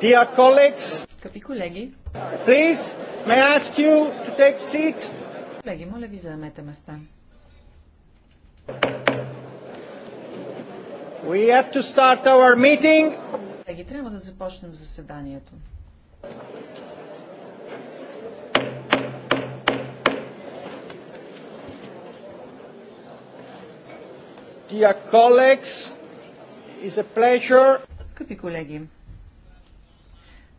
Dear colleagues, Скъпи колеги, please, may I ask you to take seat? Колеги, моля ви заемете места. We have to start our meeting. Колеги, трябва да започнем заседанието. Dear colleagues, it's a pleasure. Скъпи колеги,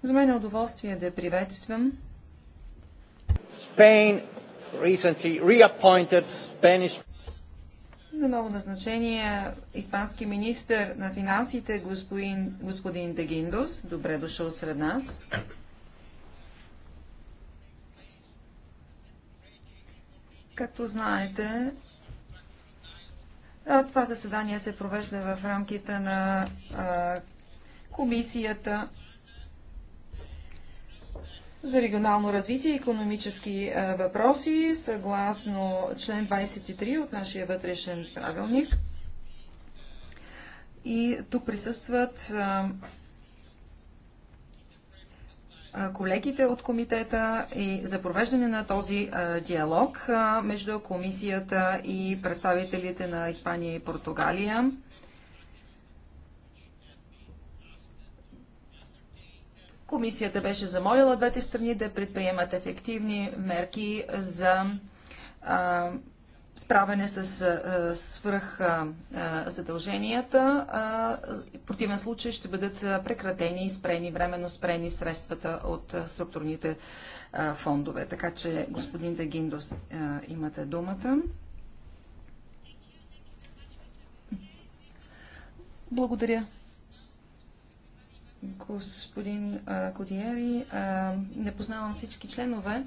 за мен е удоволствие да приветствам Spain recently reappointed Spanish на ново назначение испански министр на финансите господин, господин Дегиндос. Добре дошъл сред нас. Както знаете, това заседание се провежда в рамките на а, комисията за регионално развитие и економически е, въпроси, съгласно член 23 от нашия вътрешен правилник. И тук присъстват е, е, колегите от комитета и за провеждане на този диалог между комисията и представителите на Испания и Португалия Комисията беше замолила двете страни да предприемат ефективни мерки за а, справяне с а, свръх а, задълженията. А, в противен случай ще бъдат прекратени и спрени, временно спрени средствата от структурните а, фондове. Така че, господин Дегиндос, а, имате думата. Благодаря, господин Кодиери, Не познавам всички членове.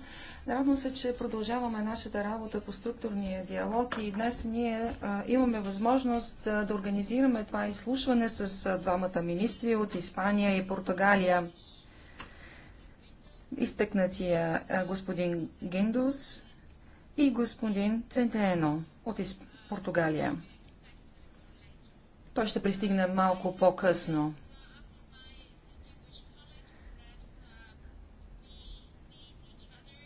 Радвам се, че продължаваме нашата работа по структурния диалог и днес ние а, имаме възможност а, да организираме това изслушване с а, двамата министри от Испания и Португалия. Изтъкнатия господин Гиндус и господин Центено от Исп... Португалия. Той ще пристигне малко по-късно.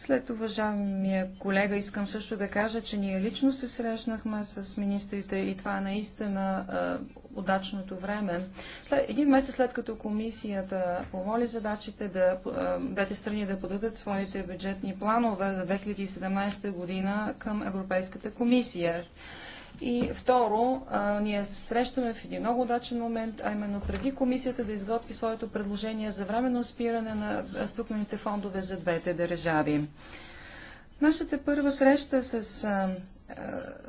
След уважаемия колега искам също да кажа, че ние лично се срещнахме с министрите и това е наистина е, удачното време. След, един месец след като комисията помоли задачите да е, двете страни да подадат своите бюджетни планове за 2017 година към Европейската комисия. И второ, а, ние се срещаме в един много удачен момент, а именно преди комисията да изготви своето предложение за временно спиране на структурните фондове за двете държави. Нашата първа среща с а,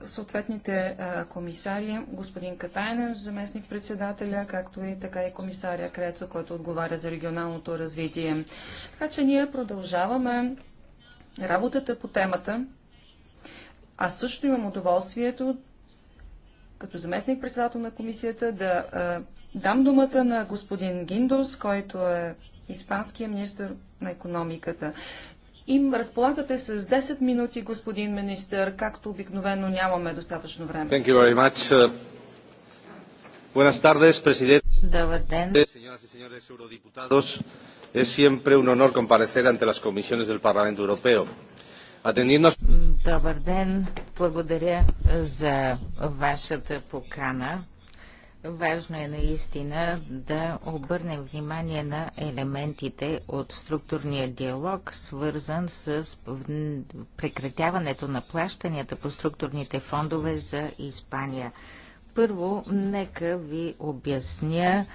съответните а, комисари, господин Катайнен, заместник председателя, както и така и комисаря Крецо, който отговаря за регионалното развитие. Така че ние продължаваме работата по темата. Аз също имам удоволствието като заместник председател на комисията, да дам думата на господин Гиндос, който е испанския министр на економиката. Им разполагате с 10 минути, господин министър, както обикновено нямаме достатъчно време. Thank you very much. Uh, buenas tardes, presidente. Добър ден. Señoras señores eurodiputados, es siempre un honor comparecer ante las comisiones del Parlamento Europeo. Добър ден! Благодаря за вашата покана. Важно е наистина да обърнем внимание на елементите от структурния диалог, свързан с прекратяването на плащанията по структурните фондове за Испания. Първо, нека ви обясня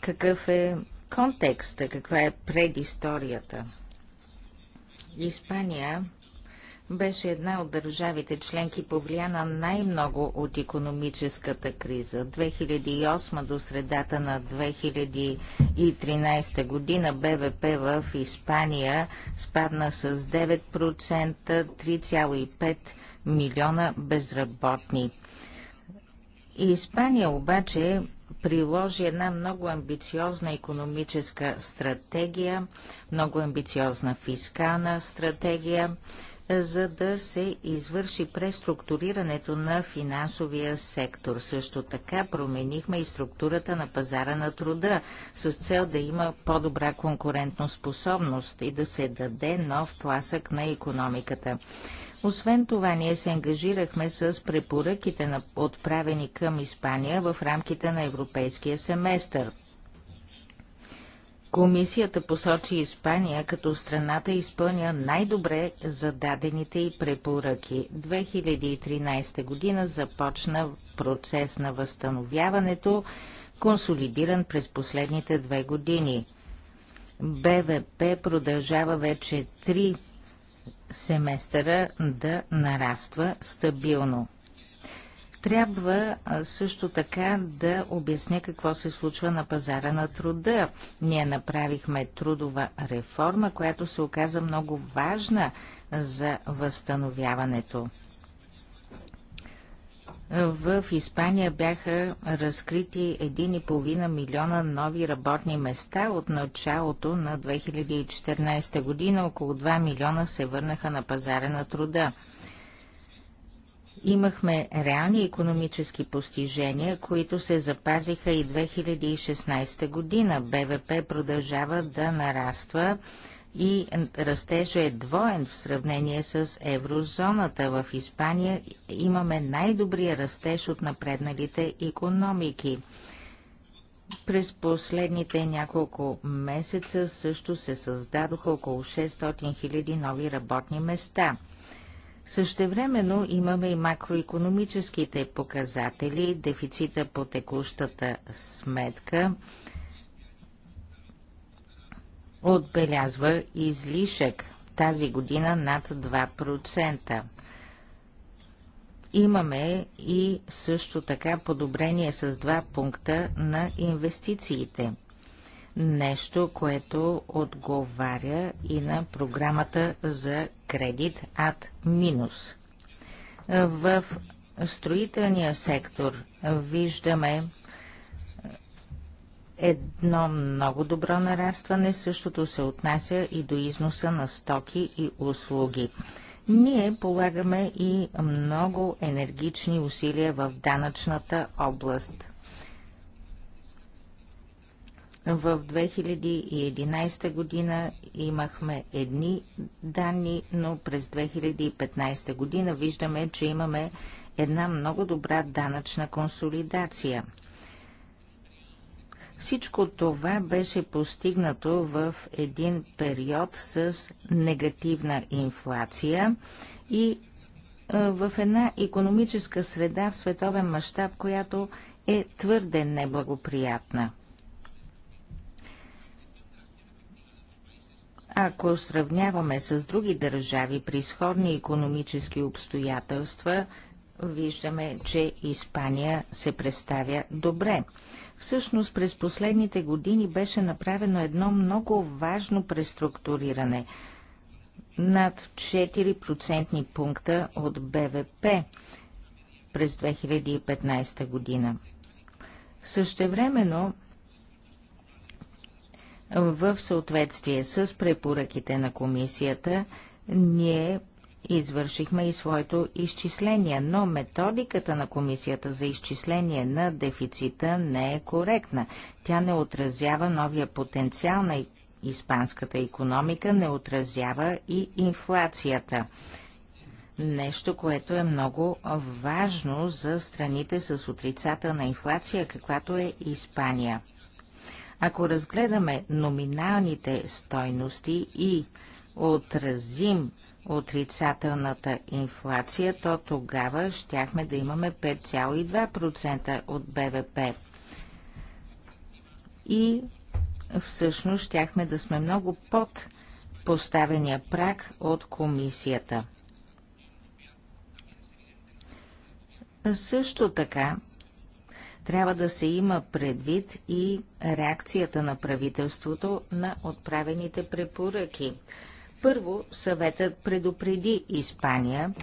какъв е контекста, каква е предисторията. Испания беше една от държавите членки повлияна най-много от економическата криза. 2008 до средата на 2013 година БВП в Испания спадна с 9%, 3,5 милиона безработни. Испания обаче приложи една много амбициозна економическа стратегия, много амбициозна фискална стратегия, за да се извърши преструктурирането на финансовия сектор. Също така променихме и структурата на пазара на труда с цел да има по-добра конкурентоспособност и да се даде нов тласък на економиката. Освен това, ние се ангажирахме с препоръките, на, отправени към Испания в рамките на европейския семестър. Комисията посочи Испания като страната изпълня най-добре зададените и препоръки. 2013 година започна процес на възстановяването, консолидиран през последните две години. БВП продължава вече три семестъра да нараства стабилно. Трябва също така да обясня какво се случва на пазара на труда. Ние направихме трудова реформа, която се оказа много важна за възстановяването. В Испания бяха разкрити 1,5 милиона нови работни места от началото на 2014 година. Около 2 милиона се върнаха на пазара на труда. Имахме реални економически постижения, които се запазиха и 2016 година. БВП продължава да нараства и растежа е двоен в сравнение с еврозоната. В Испания имаме най-добрия растеж от напредналите економики. През последните няколко месеца също се създадоха около 600 000 нови работни места – Същевременно имаме и макроекономическите показатели, дефицита по текущата сметка отбелязва излишък тази година над 2%. Имаме и също така подобрение с два пункта на инвестициите – нещо, което отговаря и на програмата за кредит ад минус. В строителния сектор виждаме едно много добро нарастване, същото се отнася и до износа на стоки и услуги. Ние полагаме и много енергични усилия в данъчната област. В 2011 година имахме едни данни, но през 2015 година виждаме, че имаме една много добра данъчна консолидация. Всичко това беше постигнато в един период с негативна инфлация и в една економическа среда в световен мащаб, която е твърде неблагоприятна. Ако сравняваме с други държави при сходни економически обстоятелства, виждаме, че Испания се представя добре. Всъщност през последните години беше направено едно много важно преструктуриране над 4% пункта от БВП през 2015 година. Същевременно в съответствие с препоръките на комисията, ние извършихме и своето изчисление, но методиката на комисията за изчисление на дефицита не е коректна. Тя не отразява новия потенциал на испанската економика, не отразява и инфлацията. Нещо, което е много важно за страните с отрицателна инфлация, каквато е Испания – ако разгледаме номиналните стойности и отразим отрицателната инфлация, то тогава щяхме да имаме 5,2% от БВП. И всъщност щяхме да сме много под поставения прак от комисията. Също така трябва да се има предвид и реакцията на правителството на отправените препоръки. Първо, съветът предупреди Испания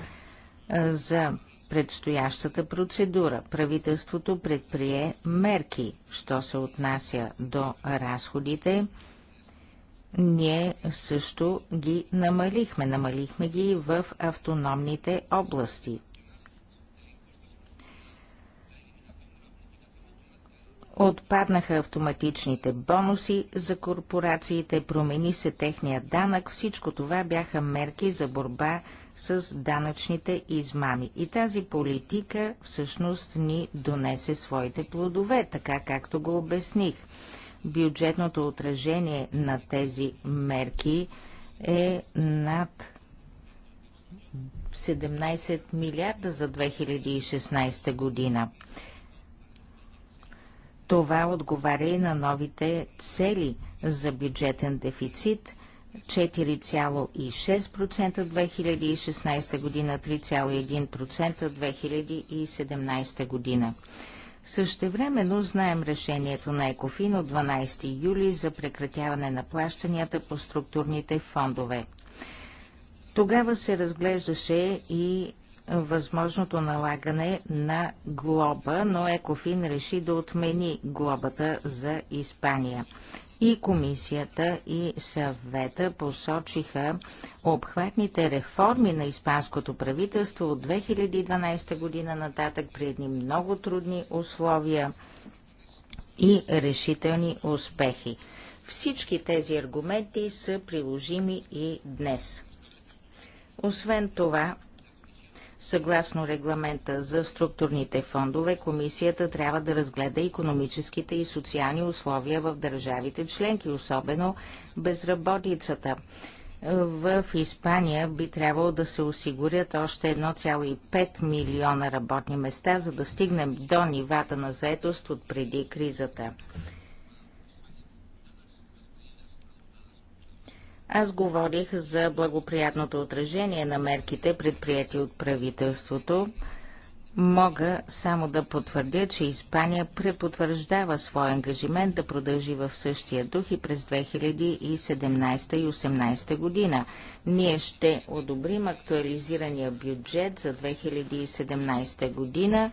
за предстоящата процедура. Правителството предприе мерки, що се отнася до разходите. Ние също ги намалихме. Намалихме ги в автономните области. Отпаднаха автоматичните бонуси за корпорациите, промени се техния данък. Всичко това бяха мерки за борба с данъчните измами. И тази политика всъщност ни донесе своите плодове, така както го обясних. Бюджетното отражение на тези мерки е над 17 милиарда за 2016 година. Това отговаря и на новите цели за бюджетен дефицит 4,6% 2016 година, 3,1% 2017 година. Същевременно знаем решението на ЕКОФИН от 12 юли за прекратяване на плащанията по структурните фондове. Тогава се разглеждаше и възможното налагане на глоба, но Екофин реши да отмени глобата за Испания. И комисията, и съвета посочиха обхватните реформи на испанското правителство от 2012 година нататък при едни много трудни условия и решителни успехи. Всички тези аргументи са приложими и днес. Освен това, Съгласно регламента за структурните фондове, комисията трябва да разгледа економическите и социални условия в държавите членки, особено безработицата. В Испания би трябвало да се осигурят още 1,5 милиона работни места, за да стигнем до нивата на заетост от преди кризата. Аз говорих за благоприятното отражение на мерките, предприяти от правителството. Мога само да потвърдя, че Испания препотвърждава своя ангажимент да продължи в същия дух и през 2017 и 2018 година. Ние ще одобрим актуализирания бюджет за 2017 година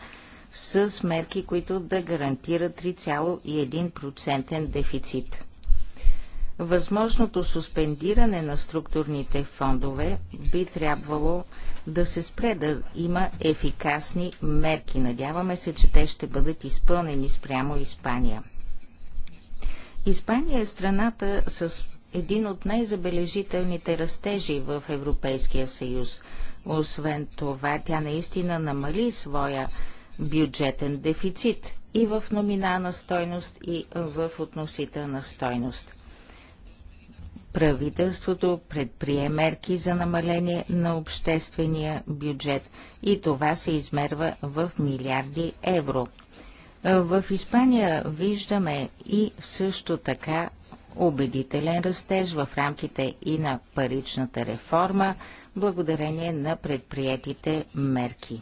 с мерки, които да гарантират 3,1% дефицит. Възможното суспендиране на структурните фондове би трябвало да се спре да има ефикасни мерки. Надяваме се, че те ще бъдат изпълнени спрямо Испания. Испания е страната с един от най-забележителните растежи в Европейския съюз. Освен това, тя наистина намали своя бюджетен дефицит и в номинална стойност, и в относителна стойност правителството предприе мерки за намаление на обществения бюджет и това се измерва в милиарди евро. В Испания виждаме и също така убедителен растеж в рамките и на паричната реформа, благодарение на предприетите мерки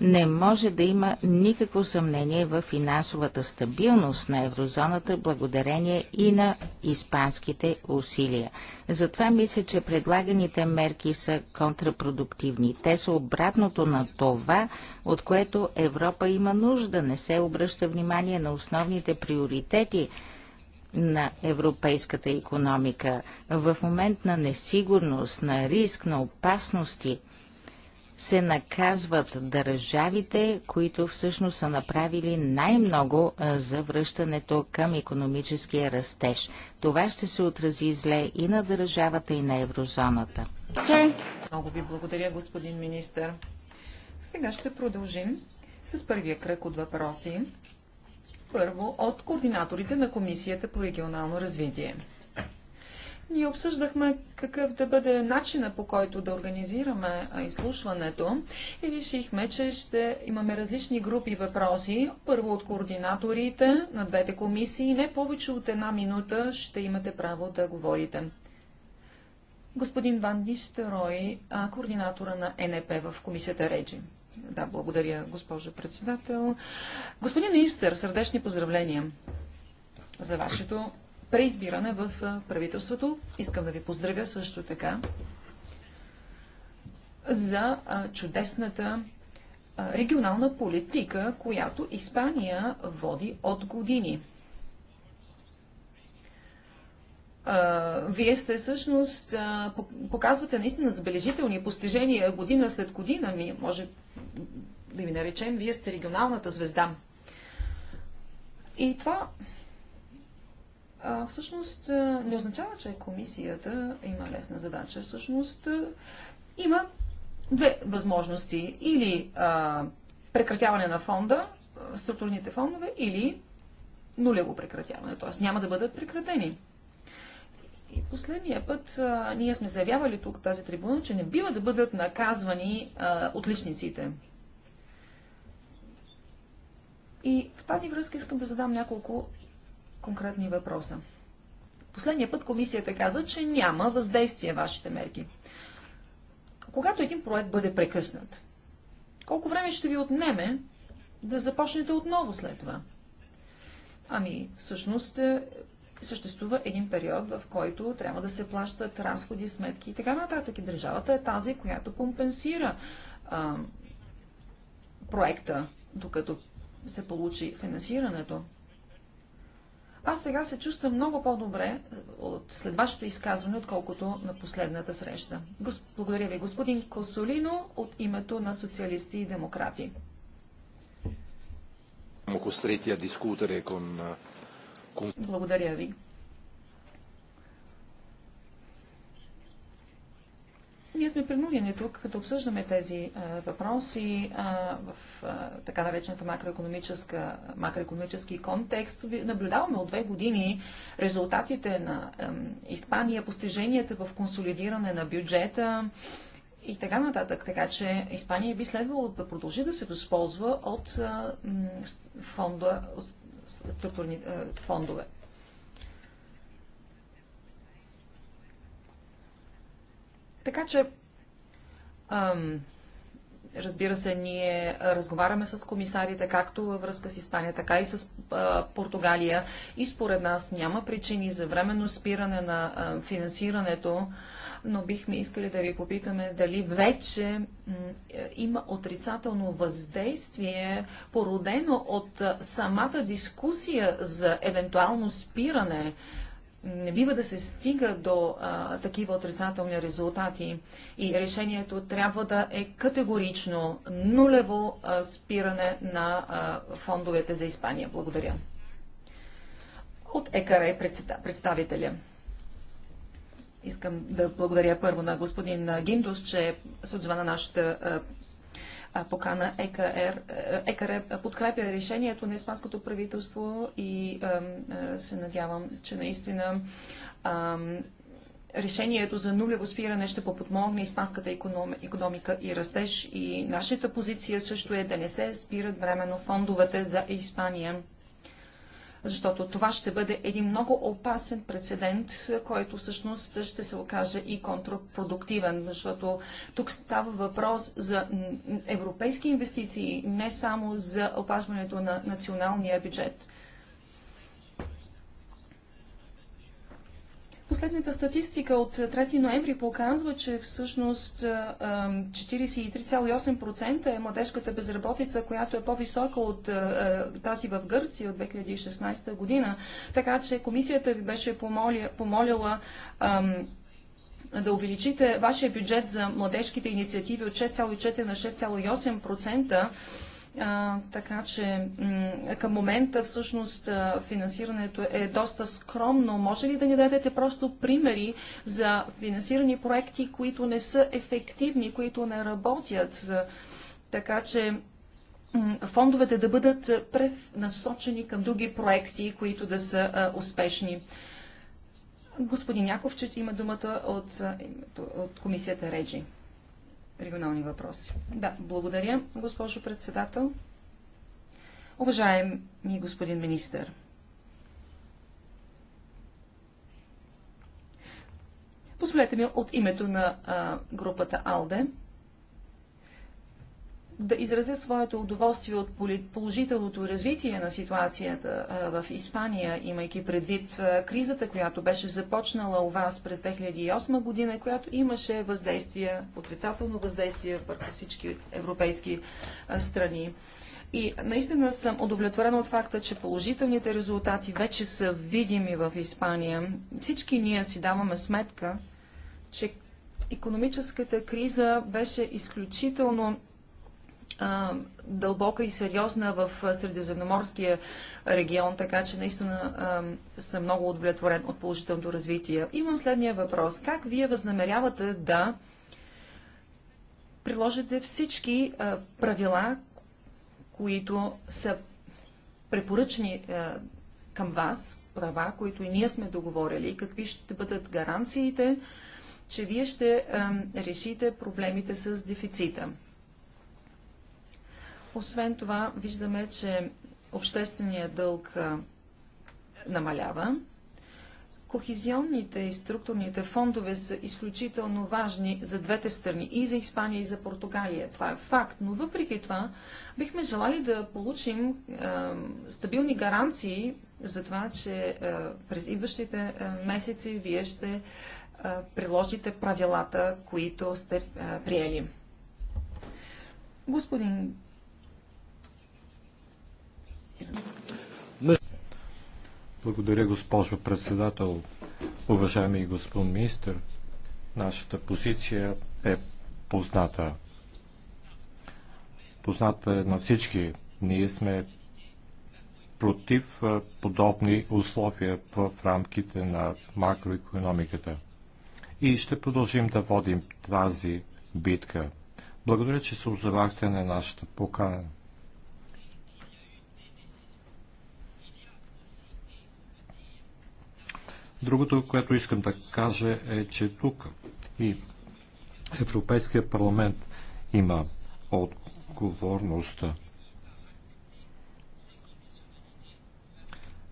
не може да има никакво съмнение в финансовата стабилност на еврозоната благодарение и на испанските усилия. Затова мисля, че предлаганите мерки са контрапродуктивни. Те са обратното на това, от което Европа има нужда. Не се обръща внимание на основните приоритети на европейската економика в момент на несигурност, на риск, на опасности – се наказват държавите, които всъщност са направили най-много за връщането към економическия растеж. Това ще се отрази зле и на държавата, и на еврозоната. Много ви благодаря, господин министър. Сега ще продължим с първия кръг от въпроси. Първо от координаторите на Комисията по регионално развитие. Ние обсъждахме какъв да бъде начина по който да организираме изслушването и решихме, че ще имаме различни групи въпроси. Първо от координаторите на двете комисии. Не повече от една минута ще имате право да говорите. Господин Ван Нистерой, координатора на НП в комисията Реджи. Да, благодаря, госпожо председател. Господин министър, сърдечни поздравления за вашето преизбиране в правителството. Искам да ви поздравя също така за чудесната регионална политика, която Испания води от години. Вие сте всъщност, показвате наистина забележителни постижения година след година, ми може да ви наречем, вие сте регионалната звезда. И това а, всъщност не означава, че комисията има лесна задача. Всъщност има две възможности. Или а, прекратяване на фонда, структурните фондове, или нулево прекратяване, т.е. няма да бъдат прекратени. И последния път а, ние сме заявявали тук тази трибуна, че не бива да бъдат наказвани а, отличниците. И в тази връзка искам да задам няколко конкретни въпроса. Последния път комисията каза, че няма въздействие вашите мерки. Когато един проект бъде прекъснат, колко време ще ви отнеме да започнете отново след това? Ами, всъщност, е, съществува един период, в който трябва да се плащат разходи, сметки и така нататък. И държавата е тази, която компенсира а, проекта, докато се получи финансирането. Аз сега се чувствам много по-добре от след вашето изказване, отколкото на последната среща. Благодаря ви, господин Косолино, от името на социалисти и демократи. Е благодаря ви. Ние сме принудени тук, като обсъждаме тези а, въпроси а, в а, така наречената макроекономическа, макроекономически контекст, наблюдаваме от две години резултатите на а, Испания, постиженията в консолидиране на бюджета и така нататък. Така че Испания би следвало да продължи да се възползва от а, фонда, от структурни а, фондове. Така че, ам, разбира се, ние разговаряме с комисарите, както във връзка с Испания, така и с а, Португалия. И според нас няма причини за временно спиране на а, финансирането, но бихме искали да ви попитаме дали вече е, има отрицателно въздействие, породено от а, самата дискусия за евентуално спиране не бива да се стига до а, такива отрицателни резултати и решението трябва да е категорично нулево а, спиране на а, фондовете за Испания. Благодаря. От ЕКР е представителя. Искам да благодаря първо на господин Гиндус, че се отзва на нашата покана ЕКР. Е, ЕКР подкрепя решението на испанското правителство и се надявам, че наистина решението за нулево спиране ще подпомогне испанската економика и растеж и нашата позиция също е да не се спират временно фондовете за Испания защото това ще бъде един много опасен прецедент, който всъщност ще се окаже и контрпродуктивен, защото тук става въпрос за европейски инвестиции, не само за опазването на националния бюджет. Последната статистика от 3 ноември показва, че всъщност 43,8% е младежката безработица, която е по-висока от тази в Гърция от 2016 година. Така че комисията ви беше помолила да увеличите вашия бюджет за младежките инициативи от 6,4 на 6,8%, а, така че към момента всъщност финансирането е доста скромно. Може ли да ни дадете просто примери за финансирани проекти, които не са ефективни, които не работят? Така че фондовете да бъдат пренасочени към други проекти, които да са а, успешни. Господин Яковчет има думата от, от комисията Реджи регионални въпроси. Да, благодаря, госпожо председател. Уважаеми господин министър, позволете ми от името на а, групата АЛДЕ да изразя своето удоволствие от положителното развитие на ситуацията в Испания, имайки предвид кризата, която беше започнала у вас през 2008 година, която имаше въздействие, отрицателно въздействие върху всички европейски страни. И наистина съм удовлетворена от факта, че положителните резултати вече са видими в Испания. Всички ние си даваме сметка, че економическата криза беше изключително дълбока и сериозна в Средиземноморския регион, така че наистина съм много удовлетворен от положителното развитие. Имам следния въпрос. Как вие възнамерявате да приложите всички правила, които са препоръчни към вас, права, които и ние сме договорили, какви ще бъдат гаранциите, че вие ще решите проблемите с дефицита. Освен това, виждаме, че обществения дълг намалява. Кохизионните и структурните фондове са изключително важни за двете страни, и за Испания, и за Португалия. Това е факт. Но въпреки това, бихме желали да получим е, стабилни гаранции за това, че е, през идващите е, месеци вие ще е, приложите правилата, които сте е, приели. Господин благодаря, госпожо председател. Уважаеми господин министр, нашата позиция е позната. Позната е на всички. Ние сме против подобни условия в рамките на макроекономиката. И ще продължим да водим тази битка. Благодаря, че се озовахте на нашата покана. Другото, което искам да кажа е, че тук и Европейския парламент има отговорност.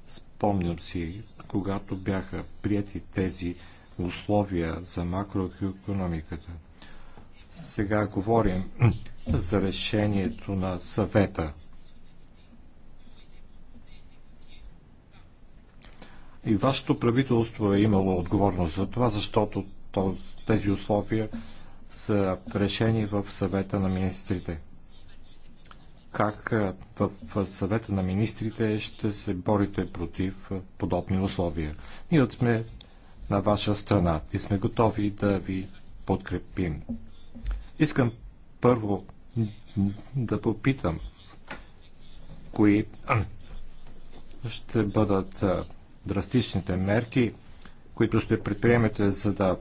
Спомням си, когато бяха прияти тези условия за макроекономиката. Сега говорим за решението на съвета И вашето правителство е имало отговорност за това, защото тези условия са решени в съвета на министрите. Как в съвета на министрите ще се борите против подобни условия? Ние сме на ваша страна и сме готови да ви подкрепим. Искам първо да попитам, кои ще бъдат драстичните мерки, които ще предприемете, за да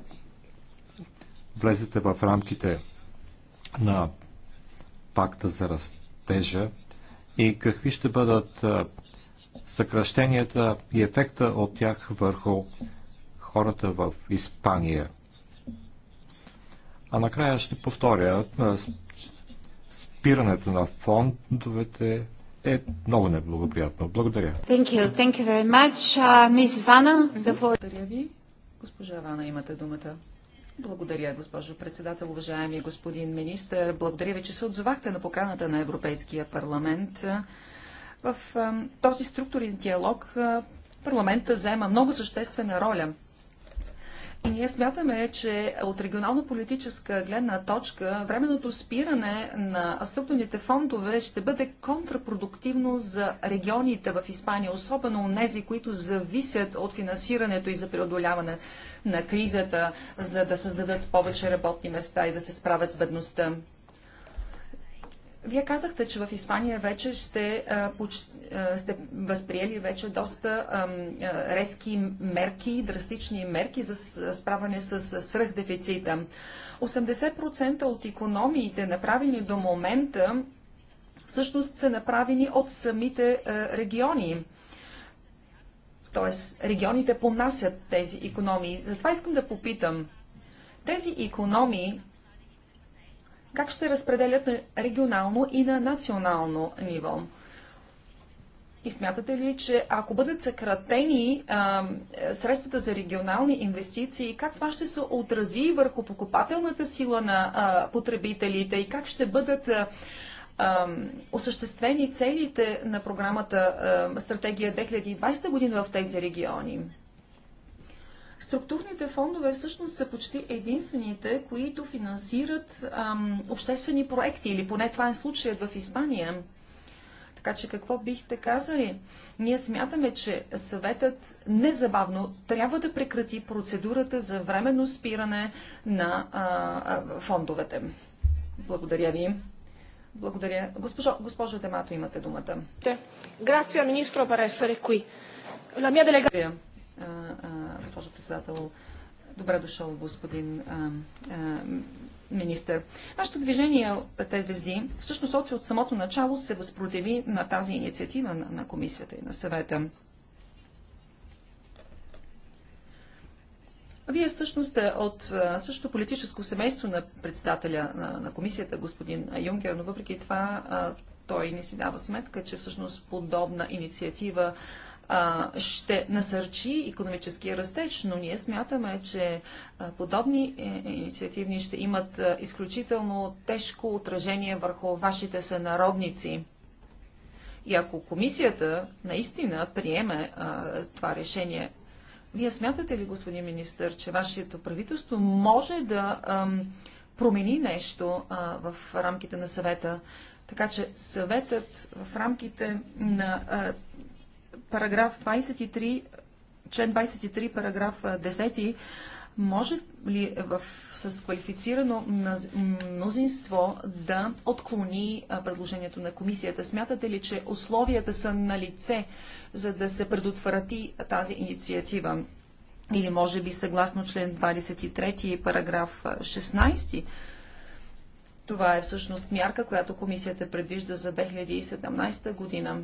влезете в рамките на пакта за растежа и какви ще бъдат съкръщенията и ефекта от тях върху хората в Испания. А накрая ще повторя спирането на фондовете е много неблагоприятно. Благодаря. Thank you. Thank you very much. Uh, Miss Vana, Благодаря ви. Госпожа Вана, имате думата. Благодаря, госпожо председател, уважаеми господин министр. Благодаря ви, че се отзовахте на поканата на Европейския парламент. В този структурен диалог парламента заема много съществена роля – ние смятаме, че от регионално-политическа гледна точка временното спиране на структурните фондове ще бъде контрапродуктивно за регионите в Испания, особено у нези, които зависят от финансирането и за преодоляване на кризата, за да създадат повече работни места и да се справят с бедността. Вие казахте, че в Испания вече ще, а, поч... а, сте възприели вече доста а, резки мерки, драстични мерки за справяне с свръхдефицита. 80% от економиите, направени до момента, всъщност са направени от самите региони. Тоест, регионите понасят тези економии. Затова искам да попитам, тези економии как ще разпределят на регионално и на национално ниво? И смятате ли, че ако бъдат съкратени а, средствата за регионални инвестиции, как това ще се отрази върху покупателната сила на а, потребителите и как ще бъдат а, а, осъществени целите на програмата а, Стратегия 2020 година в тези региони? Структурните фондове всъщност са почти единствените, които финансират ам, обществени проекти, или поне това е случаят в Испания. Така че какво бихте казали? Ние смятаме, че съветът незабавно трябва да прекрати процедурата за временно спиране на а, а, фондовете. Благодаря ви. Благодаря. Госпожо, госпожо Демато, имате думата. Грация, министро, per essere qui. La mia госпожо председател. Добре дошъл, господин а, а, министър. Нашето движение Пете звезди, всъщност от, от самото начало се възпротиви на тази инициатива на, на комисията и на съвета. Вие всъщност сте от същото политическо семейство на председателя на, на комисията, господин Юнкер, но въпреки това а, той не си дава сметка, че всъщност подобна инициатива ще насърчи економическия растеж, но ние смятаме, че подобни е, е, инициативни ще имат изключително тежко отражение върху вашите сънародници. И ако комисията наистина приеме а, това решение, вие смятате ли, господин министр, че вашето правителство може да ам, промени нещо а, в рамките на съвета? Така че съветът в рамките на а, параграф 23, член 23, параграф 10, може ли в, с квалифицирано мнозинство да отклони предложението на комисията? Смятате ли, че условията са на лице, за да се предотврати тази инициатива? Или може би съгласно член 23, параграф 16? Това е всъщност мярка, която комисията предвижда за 2017 година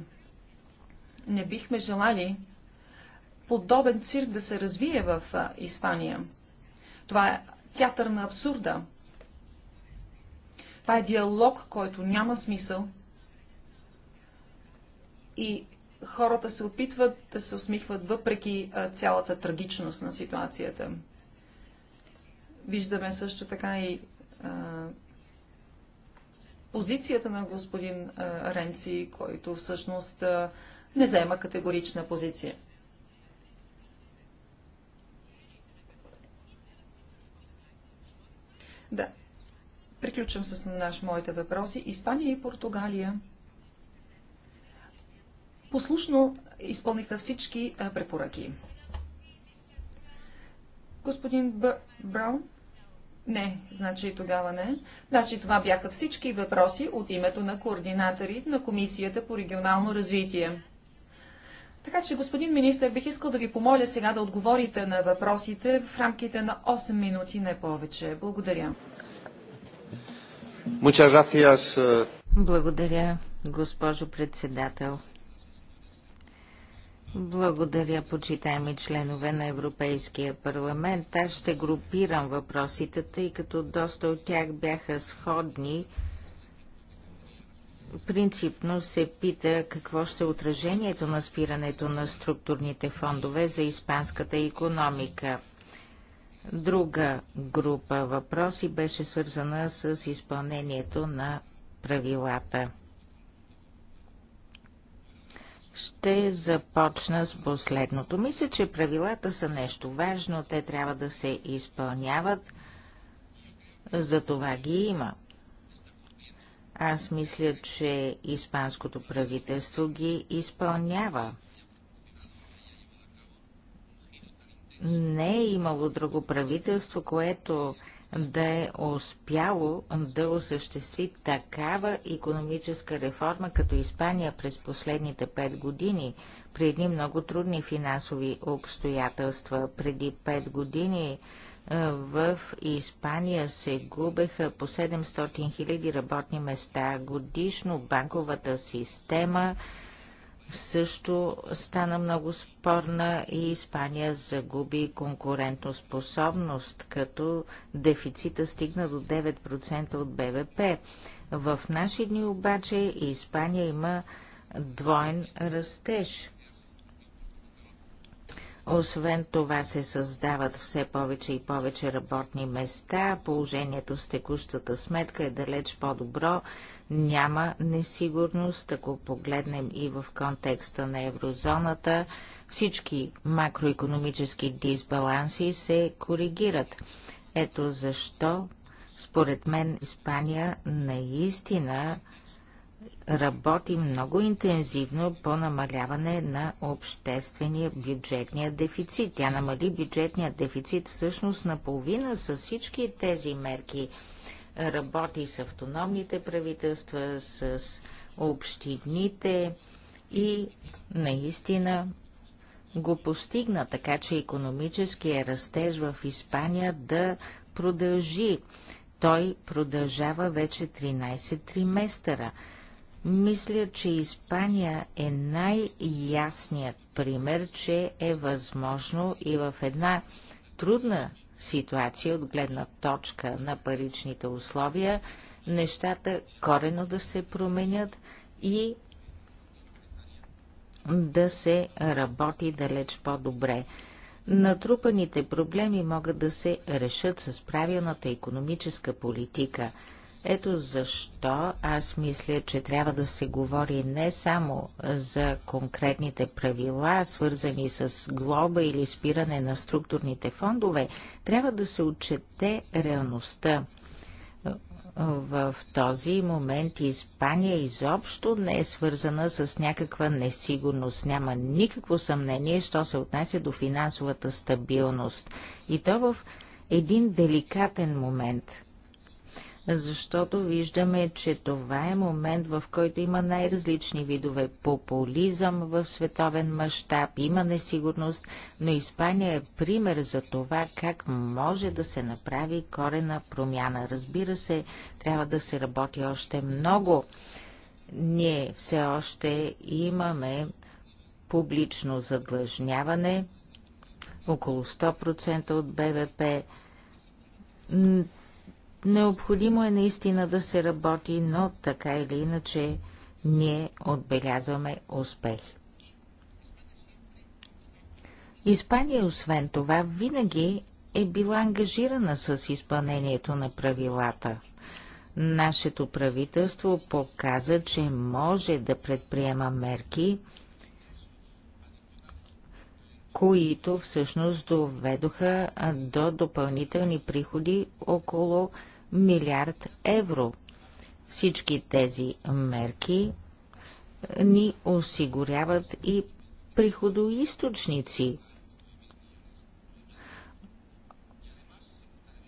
не бихме желали подобен цирк да се развие в Испания. Това е театър на абсурда. Това е диалог, който няма смисъл. И хората се опитват да се усмихват въпреки цялата трагичност на ситуацията. Виждаме също така и а, позицията на господин Ренци, който всъщност не заема категорична позиция. Да. Приключвам с наш, моите въпроси. Испания и Португалия послушно изпълниха всички препоръки. Господин Б. Браун? Не, значи тогава не. Значи това бяха всички въпроси от името на координатори на Комисията по регионално развитие. Така че, господин министр, бих искал да ви помоля сега да отговорите на въпросите в рамките на 8 минути, не повече. Благодаря. Э, Благодаря, госпожо председател. Благодаря, почитаеми членове на Европейския парламент. Аз ще групирам въпросите, тъй като доста от тях бяха сходни. Принципно се пита какво ще е отражението на спирането на структурните фондове за испанската економика. Друга група въпроси беше свързана с изпълнението на правилата. Ще започна с последното. Мисля, че правилата са нещо важно, те трябва да се изпълняват, за това ги има. Аз мисля, че испанското правителство ги изпълнява. Не е имало друго правителство, което да е успяло да осъществи такава економическа реформа като Испания през последните пет години, при едни много трудни финансови обстоятелства. Преди пет години в Испания се губеха по 700 000 работни места годишно. Банковата система също стана много спорна и Испания загуби конкурентоспособност, като дефицита стигна до 9% от БВП. В наши дни обаче Испания има двоен растеж – освен това се създават все повече и повече работни места, положението с текущата сметка е далеч по-добро, няма несигурност, ако погледнем и в контекста на еврозоната, всички макроекономически дисбаланси се коригират. Ето защо, според мен, Испания наистина работи много интензивно по намаляване на обществения бюджетния дефицит. Тя намали бюджетния дефицит всъщност наполовина с всички тези мерки. Работи с автономните правителства, с общините и наистина го постигна, така че економическия растеж в Испания да продължи. Той продължава вече 13 триместъра. Мисля, че Испания е най-ясният пример, че е възможно и в една трудна ситуация от гледна точка на паричните условия, нещата корено да се променят и да се работи далеч по-добре. Натрупаните проблеми могат да се решат с правилната економическа политика – ето защо аз мисля, че трябва да се говори не само за конкретните правила, свързани с глоба или спиране на структурните фондове, трябва да се отчете реалността. В този момент Испания изобщо не е свързана с някаква несигурност. Няма никакво съмнение, що се отнася до финансовата стабилност. И то в един деликатен момент – защото виждаме, че това е момент, в който има най-различни видове популизъм в световен мащаб, има несигурност, но Испания е пример за това как може да се направи корена промяна. Разбира се, трябва да се работи още много. Ние все още имаме публично задлъжняване, около 100% от БВП, Необходимо е наистина да се работи, но така или иначе ние отбелязваме успехи. Испания, освен това, винаги е била ангажирана с изпълнението на правилата. Нашето правителство показа, че може да предприема мерки, които всъщност доведоха до допълнителни приходи около милиард евро. Всички тези мерки е, ни осигуряват и приходоисточници.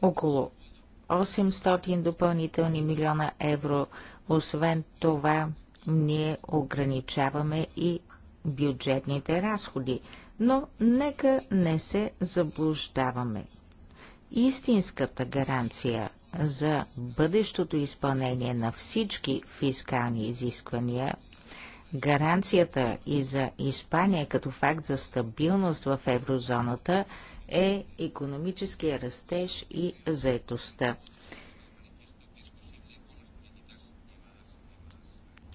Около 800 допълнителни милиона евро. Освен това, ние ограничаваме и бюджетните разходи. Но нека не се заблуждаваме. Истинската гаранция – за бъдещото изпълнение на всички фискални изисквания, гаранцията и за Испания като факт за стабилност в еврозоната е економическия растеж и заетостта.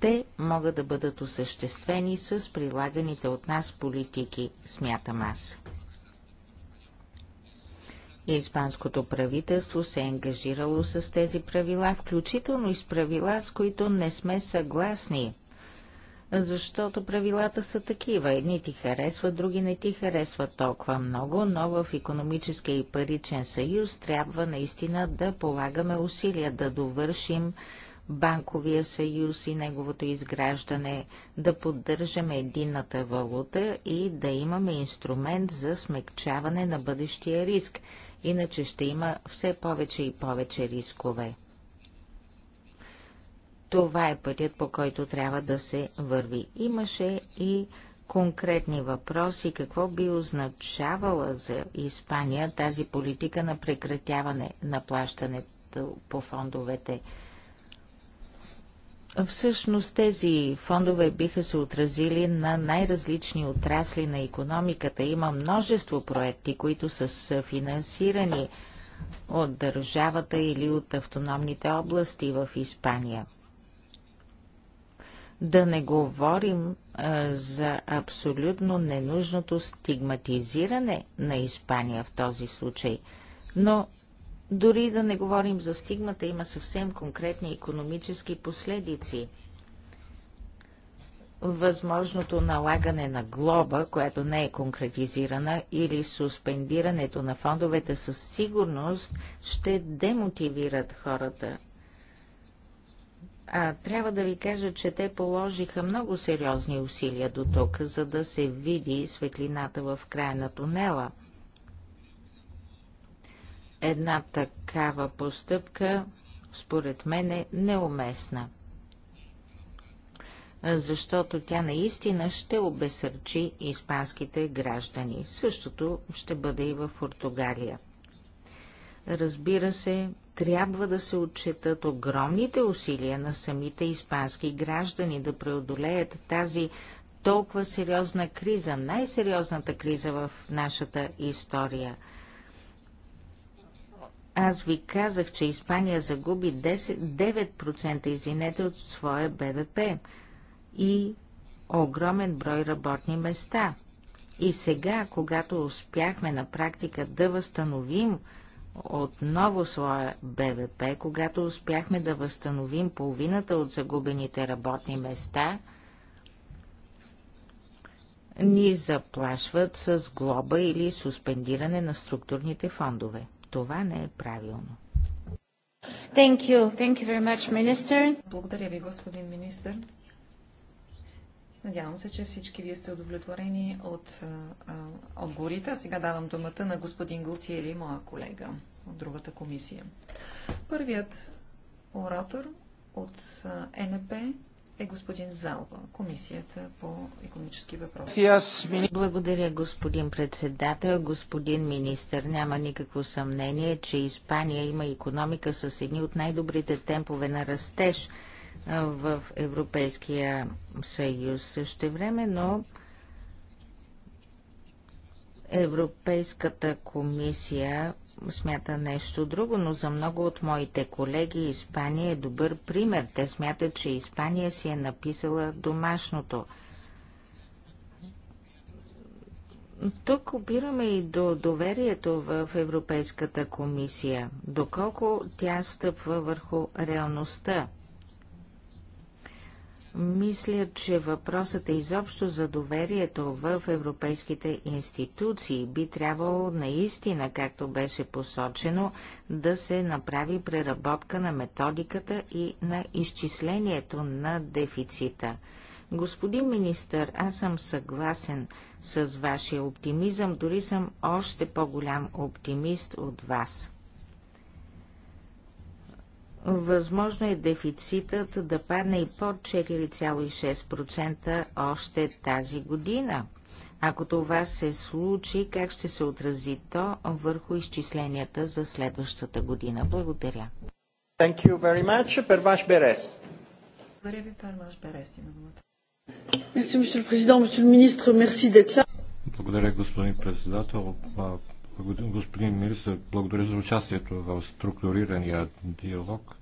Те могат да бъдат осъществени с прилаганите от нас политики, смятам аз. Испанското правителство се е ангажирало с тези правила, включително и с правила, с които не сме съгласни. Защото правилата са такива. Едни ти харесват, други не ти харесват толкова много, но в економическия и паричен съюз трябва наистина да полагаме усилия да довършим банковия съюз и неговото изграждане, да поддържаме единната валута и да имаме инструмент за смягчаване на бъдещия риск иначе ще има все повече и повече рискове. Това е пътят, по който трябва да се върви. Имаше и конкретни въпроси. Какво би означавала за Испания тази политика на прекратяване на плащането по фондовете? Всъщност тези фондове биха се отразили на най-различни отрасли на економиката. Има множество проекти, които са финансирани от държавата или от автономните области в Испания. Да не говорим а, за абсолютно ненужното стигматизиране на Испания в този случай, но дори да не говорим за стигмата, има съвсем конкретни економически последици. Възможното налагане на глоба, която не е конкретизирана, или суспендирането на фондовете със сигурност ще демотивират хората. А трябва да ви кажа, че те положиха много сериозни усилия до тук, за да се види светлината в края на тунела – Една такава постъпка, според мен, е неуместна, защото тя наистина ще обесърчи испанските граждани. Същото ще бъде и в Португалия. Разбира се, трябва да се отчетат огромните усилия на самите испански граждани да преодолеят тази толкова сериозна криза, най-сериозната криза в нашата история – аз ви казах, че Испания загуби 10, 9% извинете, от своя БВП и огромен брой работни места. И сега, когато успяхме на практика да възстановим отново своя БВП, когато успяхме да възстановим половината от загубените работни места, ни заплашват с глоба или суспендиране на структурните фондове. Това не е правилно. Thank you. Thank you very much, minister. Благодаря ви, господин министр. Надявам се, че всички вие сте удовлетворени от отговорите. Сега давам думата на господин Гултиери, моя колега от другата комисия. Първият оратор от НП е господин Залба, Комисията по економически въпроси. Благодаря, господин председател, господин министр. Няма никакво съмнение, че Испания има економика с едни от най-добрите темпове на растеж в Европейския съюз. Също време, но Европейската комисия смята нещо друго, но за много от моите колеги Испания е добър пример. Те смятат, че Испания си е написала домашното. Тук опираме и до доверието в Европейската комисия, доколко тя стъпва върху реалността. Мисля, че въпросът е изобщо за доверието в европейските институции. Би трябвало наистина, както беше посочено, да се направи преработка на методиката и на изчислението на дефицита. Господин министър, аз съм съгласен с вашия оптимизъм, дори съм още по-голям оптимист от вас. Възможно е дефицитът да падне и под 4,6% още тази година. Ако това се случи, как ще се отрази то върху изчисленията за следващата година? Благодаря. Thank you very much. Перваш Берес. Благодаря ви, Перваш Берес. Merci, monsieur le Благодаря, господин председател. Господин Мирисър, благодаря за участието в структурирания диалог.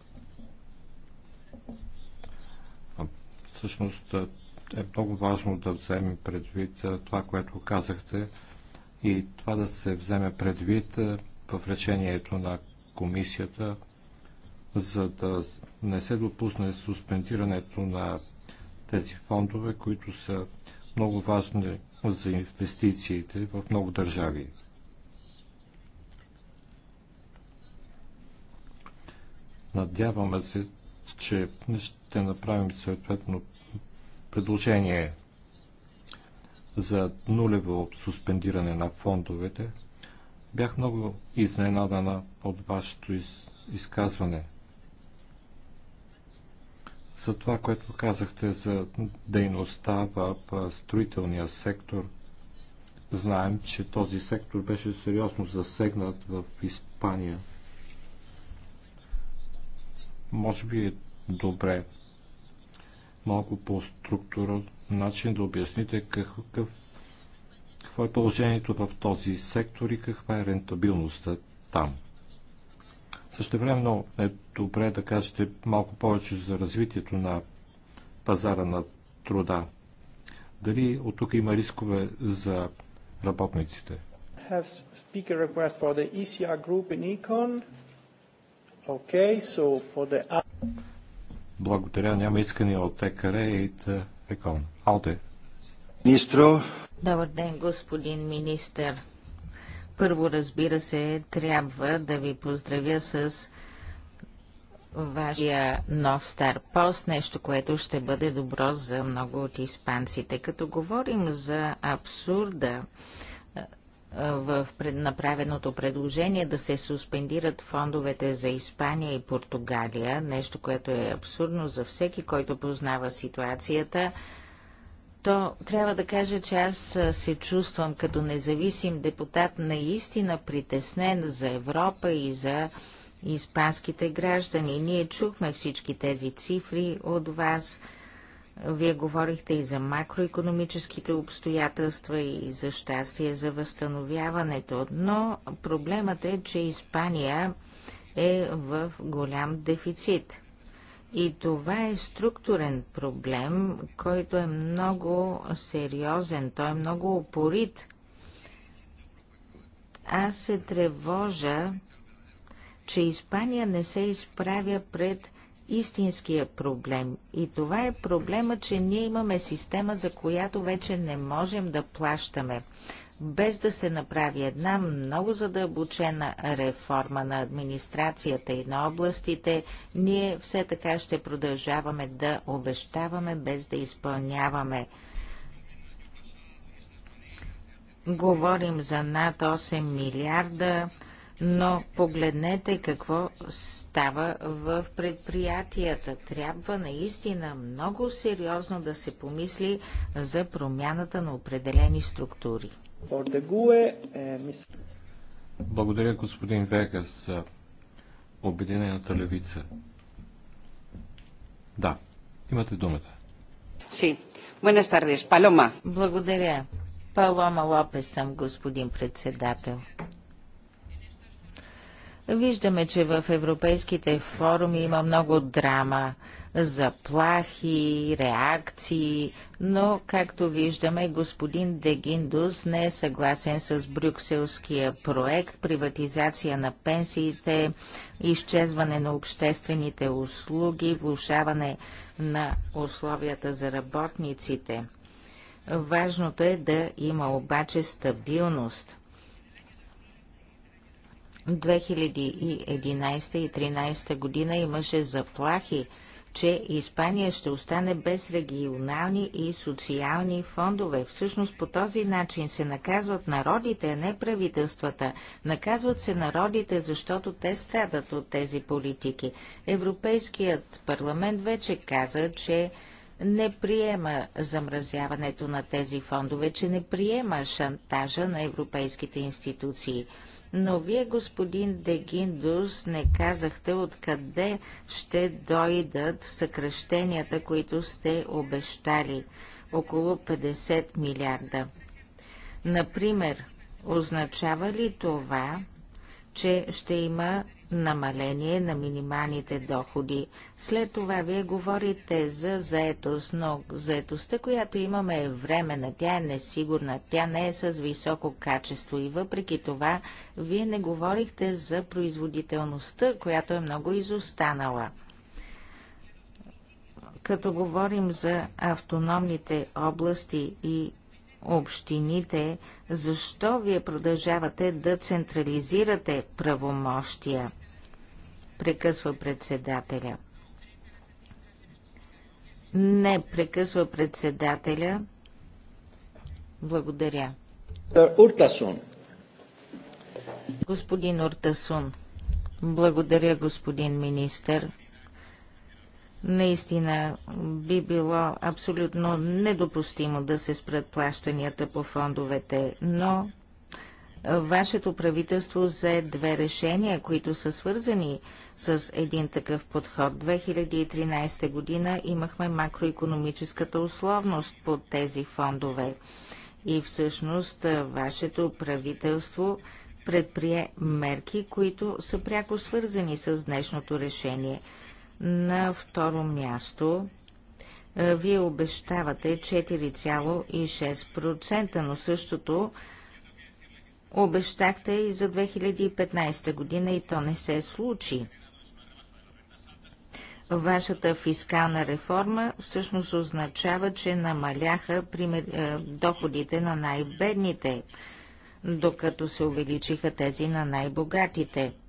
Всъщност е много важно да вземем предвид това, което казахте и това да се вземе предвид в решението на комисията, за да не се допусне суспендирането на тези фондове, които са много важни за инвестициите в много държави. Надяваме се, че ще направим съответно предложение за нулево суспендиране на фондовете. Бях много изненадана от вашето из... изказване за това, което казахте за дейността в строителния сектор. Знаем, че този сектор беше сериозно засегнат в Испания – може би е добре малко по-структурен начин да обясните какъв, какво е положението в този сектор и каква е рентабилността там. Също време е добре да кажете малко повече за развитието на пазара на труда. Дали от тук има рискове за работниците? Okay, so for the... Благодаря. Няма искане от ЕКР и е, ЕКОН. Алте. Министро. Добър ден, господин министър. Първо, разбира се, трябва да ви поздравя с вашия нов стар пост, нещо, което ще бъде добро за много от испанците. Като говорим за абсурда в направеното предложение да се суспендират фондовете за Испания и Португалия, нещо, което е абсурдно за всеки, който познава ситуацията, то трябва да кажа, че аз се чувствам като независим депутат наистина притеснен за Европа и за испанските граждани. Ние чухме всички тези цифри от вас – вие говорихте и за макроекономическите обстоятелства и за щастие за възстановяването, но проблемът е, че Испания е в голям дефицит. И това е структурен проблем, който е много сериозен, той е много опорит. Аз се тревожа, че Испания не се изправя пред истинския проблем. И това е проблема, че ние имаме система, за която вече не можем да плащаме. Без да се направи една много задълбочена реформа на администрацията и на областите, ние все така ще продължаваме да обещаваме, без да изпълняваме. Говорим за над 8 милиарда но погледнете какво става в предприятията. Трябва наистина много сериозно да се помисли за промяната на определени структури. Е, Благодаря, господин Вегас, Обединената левица. Да, имате думата. Си. Buenas tardes, Благодаря. Палома Лопес съм, господин председател. Виждаме, че в европейските форуми има много драма, заплахи, реакции, но, както виждаме, господин Дегиндус не е съгласен с брюкселския проект, приватизация на пенсиите, изчезване на обществените услуги, влушаване на условията за работниците. Важното е да има обаче стабилност – 2011 и 2013 година имаше заплахи, че Испания ще остане без регионални и социални фондове. Всъщност по този начин се наказват народите, а не правителствата. Наказват се народите, защото те страдат от тези политики. Европейският парламент вече каза, че не приема замразяването на тези фондове, че не приема шантажа на европейските институции – но вие, господин Дегиндус, не казахте откъде ще дойдат съкръщенията, които сте обещали – около 50 милиарда. Например, означава ли това, че ще има намаление на минималните доходи. След това вие говорите за заетост, но заетостта, която имаме е времена. тя е несигурна, тя не е с високо качество и въпреки това вие не говорихте за производителността, която е много изостанала. Като говорим за автономните области и общините, защо вие продължавате да централизирате правомощия? Прекъсва председателя. Не, прекъсва председателя. Благодаря. Уртасун. Господин Уртасун, благодаря, господин министър. Наистина би било абсолютно недопустимо да се спрат плащанията по фондовете, но вашето правителство взе две решения, които са свързани с един такъв подход. 2013 година имахме макроекономическата условност по тези фондове. И всъщност вашето правителство предприе мерки, които са пряко свързани с днешното решение – на второ място, вие обещавате 4,6%, но същото обещахте и за 2015 година и то не се случи. Вашата фискална реформа всъщност означава, че намаляха пример, доходите на най-бедните, докато се увеличиха тези на най-богатите –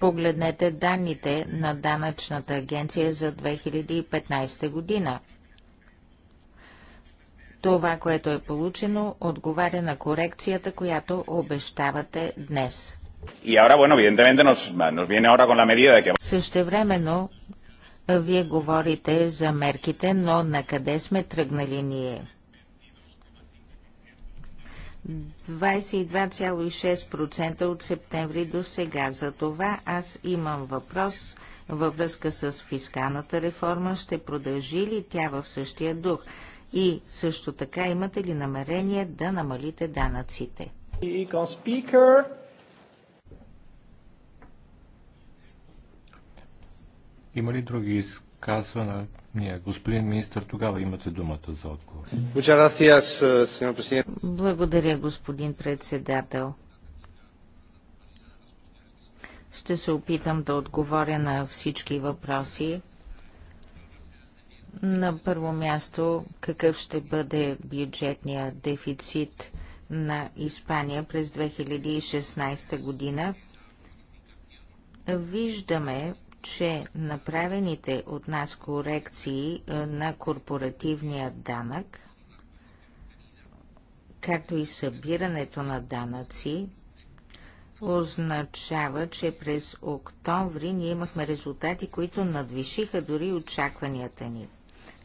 Погледнете данните на данъчната агенция за 2015 година. Това, което е получено, отговаря на корекцията, която обещавате днес. И ahora, bueno, evidentemente nos, nos viene ahora con la medida de que... Същевременно, вие говорите за мерките, но на къде сме тръгнали ние? 22,6% от септември до сега. За това аз имам въпрос във връзка с фискалната реформа. Ще продължи ли тя в същия дух? И също така имате ли намерение да намалите данъците? Има ли други изказвания ние, господин министр, тогава имате думата за отговор. Э, Благодаря, господин председател. Ще се опитам да отговоря на всички въпроси. На първо място, какъв ще бъде бюджетния дефицит на Испания през 2016 година? Виждаме че направените от нас корекции е, на корпоративния данък, както и събирането на данъци, означава, че през октомври ние имахме резултати, които надвишиха дори очакванията ни,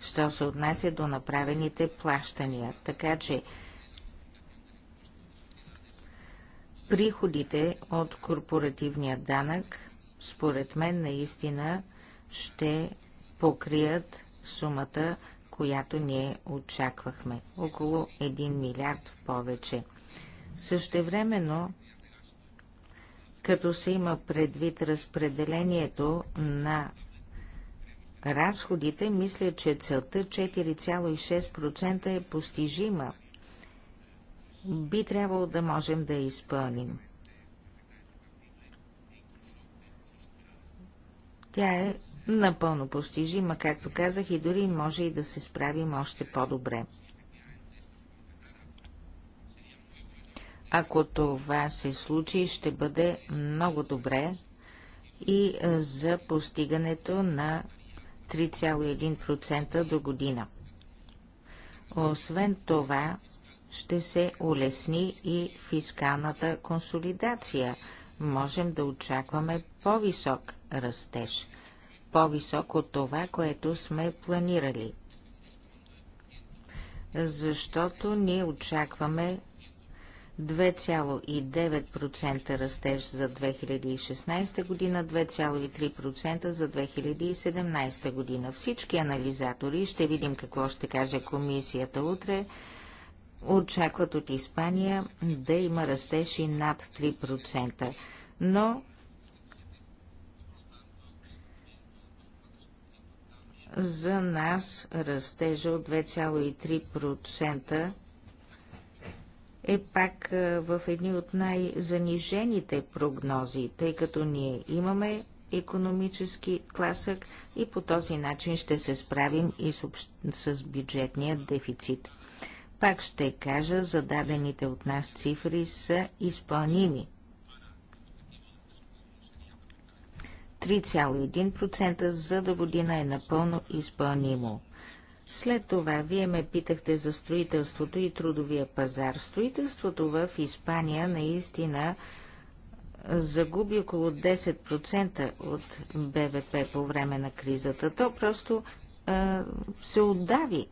що се отнася до направените плащания. Така че приходите от корпоративния данък според мен наистина ще покрият сумата, която ние очаквахме. Около 1 милиард повече. Същевременно, като се има предвид разпределението на разходите, мисля, че целта 4,6% е постижима. Би трябвало да можем да изпълним. Тя е напълно постижима, както казах, и дори може и да се справим още по-добре. Ако това се случи, ще бъде много добре и е, за постигането на 3,1% до година. Освен това, ще се улесни и фискалната консолидация – можем да очакваме по-висок растеж, по-висок от това, което сме планирали. Защото ние очакваме 2,9% растеж за 2016 година, 2,3% за 2017 година. Всички анализатори, ще видим какво ще каже комисията утре, очакват от Испания да има растеж и над 3%. Но за нас растежа от 2,3% е пак в едни от най-занижените прогнози, тъй като ние имаме економически класък и по този начин ще се справим и с бюджетния дефицит. Пак ще кажа, зададените от нас цифри са изпълними. 3,1% за до година е напълно изпълнимо. След това вие ме питахте за строителството и трудовия пазар. Строителството в Испания наистина загуби около 10% от БВП по време на кризата. То просто а, се отдави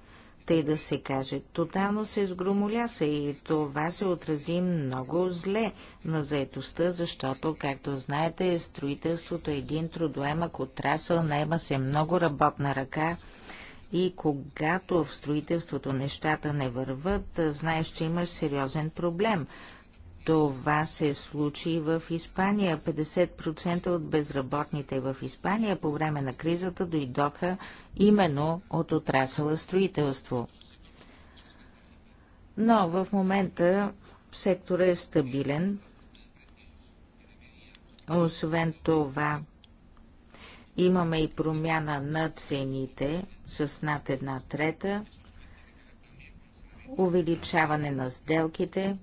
тъй да се каже. Тотално се сгромоляса. и това се отрази много зле на заетостта, защото, както знаете, строителството е един трудоемък отрасъл, найма се много работна ръка и когато в строителството нещата не върват, знаеш, че имаш сериозен проблем. Това се случи в Испания. 50% от безработните в Испания по време на кризата дойдоха именно от отрасъла строителство. Но в момента сектора е стабилен. Освен това, имаме и промяна на цените с над една трета, увеличаване на сделките,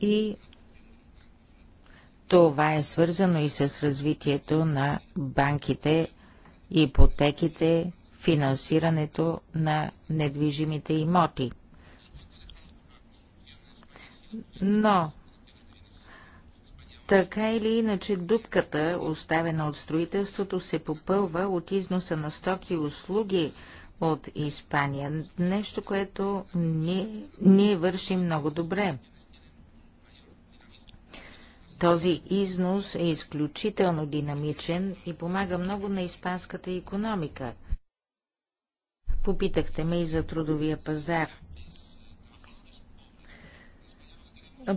и това е свързано и с развитието на банките, ипотеките, финансирането на недвижимите имоти. Но, така или иначе, дупката, оставена от строителството, се попълва от износа на стоки и услуги от Испания. Нещо, което ние, ние вършим много добре – този износ е изключително динамичен и помага много на испанската економика. Попитахте ме и за трудовия пазар.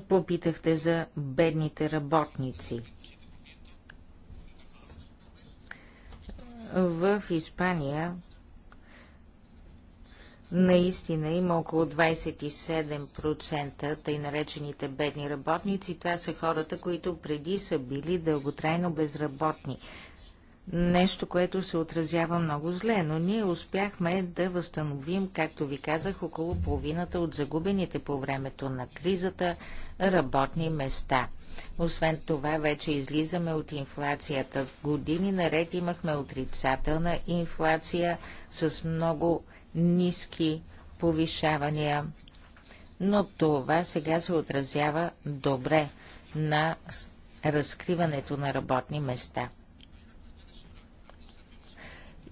Попитахте за бедните работници. В Испания Наистина има около 27% тъй наречените бедни работници. Това са хората, които преди са били дълготрайно безработни. Нещо, което се отразява много зле, но ние успяхме да възстановим, както ви казах, около половината от загубените по времето на кризата работни места. Освен това, вече излизаме от инфлацията. Години наред имахме отрицателна инфлация с много ниски повишавания. Но това сега се отразява добре на разкриването на работни места.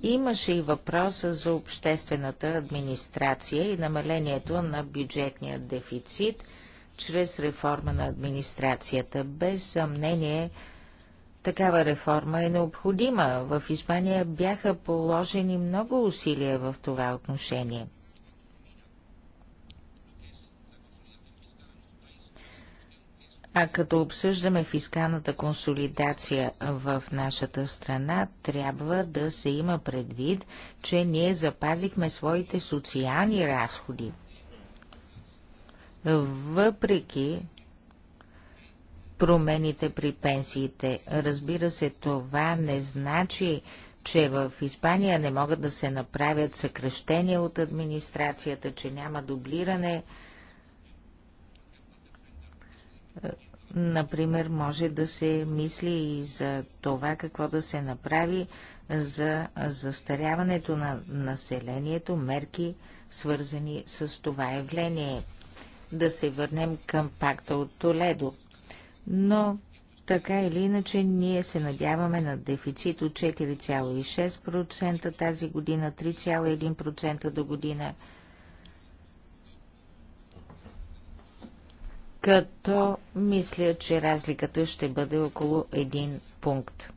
Имаше и въпроса за обществената администрация и намалението на бюджетния дефицит чрез реформа на администрацията. Без съмнение, Такава реформа е необходима. В Испания бяха положени много усилия в това отношение. А като обсъждаме фискалната консолидация в нашата страна, трябва да се има предвид, че ние запазихме своите социални разходи. Въпреки промените при пенсиите. Разбира се, това не значи, че в Испания не могат да се направят съкрещения от администрацията, че няма дублиране. Например, може да се мисли и за това какво да се направи за застаряването на населението, мерки свързани с това явление. Да се върнем към пакта от Толедо – но така или иначе ние се надяваме на дефицит от 4,6% тази година, 3,1% до година. Като мисля, че разликата ще бъде около 1 пункт.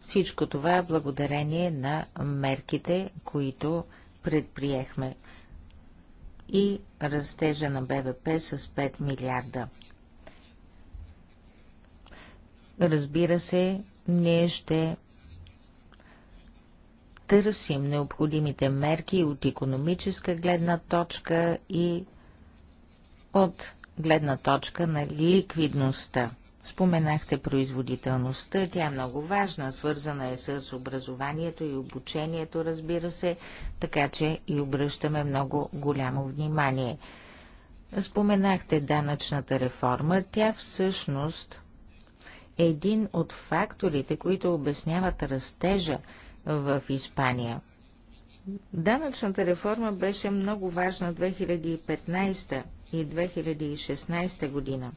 Всичко това е благодарение на мерките, които предприехме. И растежа на БВП с 5 милиарда. Разбира се, ние ще търсим необходимите мерки от економическа гледна точка и от гледна точка на ликвидността. Споменахте производителността, тя е много важна, свързана е с образованието и обучението, разбира се, така че и обръщаме много голямо внимание. Споменахте данъчната реформа, тя всъщност е един от факторите, които обясняват растежа в Испания. Данъчната реформа беше много важна 2015 и 2016 година.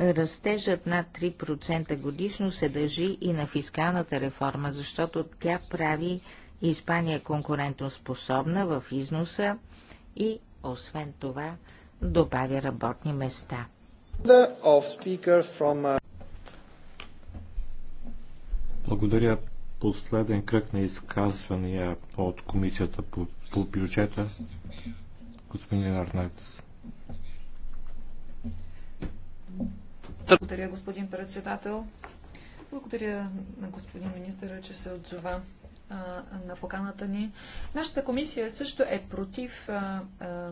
Растежът над 3% годишно се дължи и на фискалната реформа, защото тя прави Испания конкурентоспособна в износа и, освен това, добавя работни места. Благодаря. Последен кръг на изказвания от Комисията по, по бюджета. Господин Арнец. Благодаря, господин председател. Благодаря на господин министъра, че се отзова а, на поканата ни. Нашата комисия също е против а, а,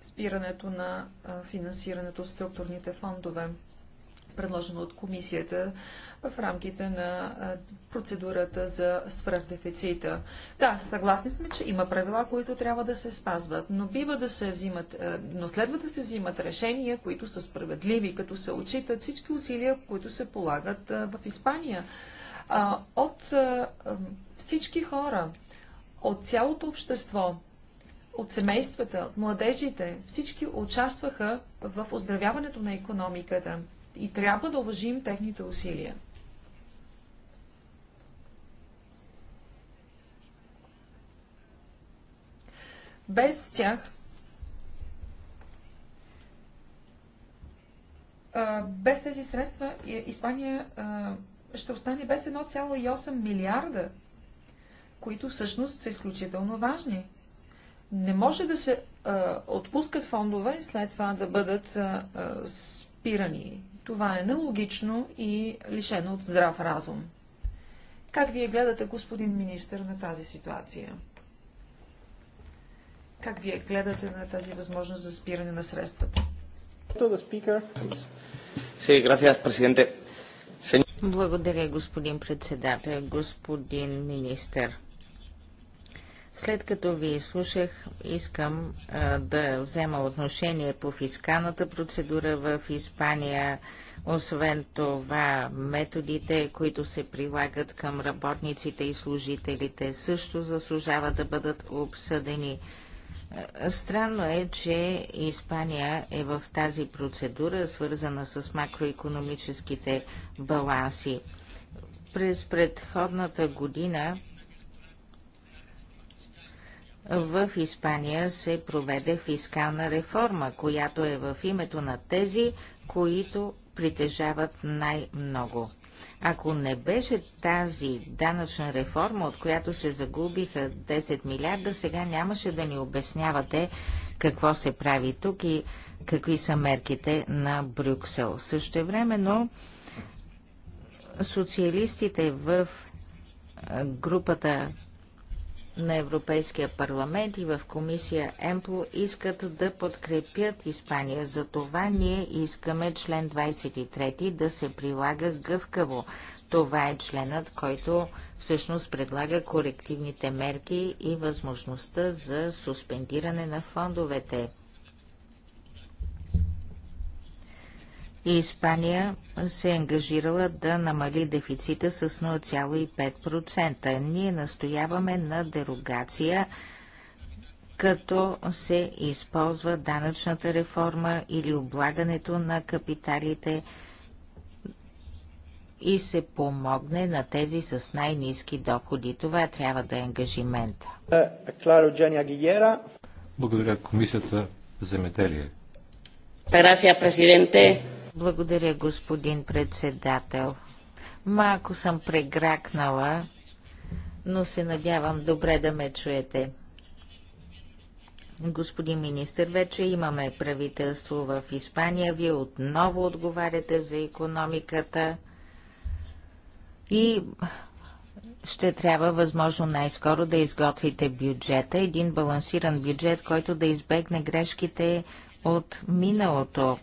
спирането на финансирането от структурните фондове, предложено от комисията в рамките на процедурата за свръхдефицита. Да, съгласни сме, че има правила, които трябва да се спазват, но бива да се взимат, но следва да се взимат решения, които са справедливи, като се отчитат всички усилия, които се полагат в Испания. От всички хора, от цялото общество, от семействата, от младежите, всички участваха в оздравяването на економиката и трябва да уважим техните усилия. Без тях, без тези средства, Испания ще остане без 1,8 милиарда, които всъщност са изключително важни. Не може да се отпускат фондове и след това да бъдат спирани. Това е нелогично и лишено от здрав разум. Как вие гледате, господин министр, на тази ситуация? Как вие гледате на тази възможност за спиране на средствата? Благодаря, господин председател, господин министър. След като ви изслушах, искам а, да взема отношение по фискалната процедура в Испания, освен това методите, които се прилагат към работниците и служителите, също заслужава да бъдат обсъдени. Странно е, че Испания е в тази процедура, свързана с макроекономическите баланси. През предходната година в Испания се проведе фискална реформа, която е в името на тези, които притежават най-много. Ако не беше тази данъчна реформа, от която се загубиха 10 милиарда, сега нямаше да ни обяснявате какво се прави тук и какви са мерките на Брюксел. но социалистите в групата на Европейския парламент и в комисия ЕМПО искат да подкрепят Испания. За това ние искаме член 23 да се прилага гъвкаво. Това е членът, който всъщност предлага корективните мерки и възможността за суспендиране на фондовете. Испания се е ангажирала да намали дефицита с 0,5%. Ние настояваме на дерогация, като се използва данъчната реформа или облагането на капиталите и се помогне на тези с най-низки доходи. Това трябва да е ангажимента. Е, Благодаря Комисията за метелие. Благодаря, господин председател. Малко съм прегракнала, но се надявам добре да ме чуете. Господин министр, вече имаме правителство в Испания. Вие отново отговаряте за економиката и ще трябва възможно най-скоро да изготвите бюджета, един балансиран бюджет, който да избегне грешките от миналото.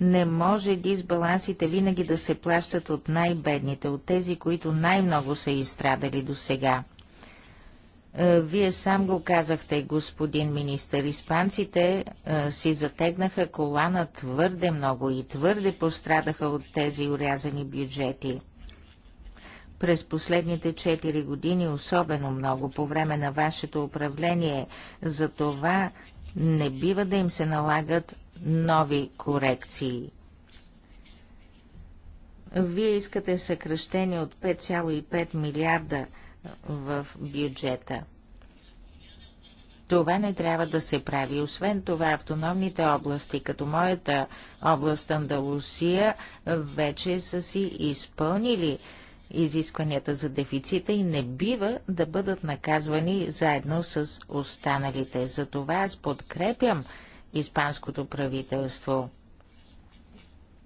Не може дисбалансите винаги да се плащат от най-бедните, от тези, които най-много са изстрадали до сега. Е, вие сам го казахте, господин министър. Испанците а, е, си затегнаха колана твърде много и твърде пострадаха от тези урязани бюджети. През последните 4 години особено много по време на вашето управление. За това не бива да им се налагат нови корекции. Вие искате съкръщение от 5,5 милиарда в бюджета. Това не трябва да се прави. Освен това, автономните области, като моята област Андалусия, вече са си изпълнили изискванията за дефицита и не бива да бъдат наказвани заедно с останалите. Затова аз подкрепям испанското правителство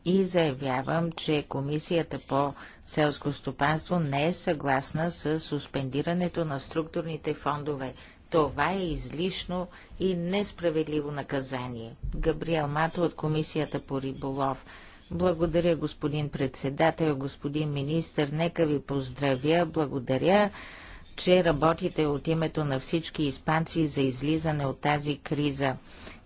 и заявявам, че Комисията по селско стопанство не е съгласна с суспендирането на структурните фондове. Това е излишно и несправедливо наказание. Габриел Мато от Комисията по риболов. Благодаря, господин председател, господин министр. Нека ви поздравя. Благодаря, че работите от името на всички испанци за излизане от тази криза.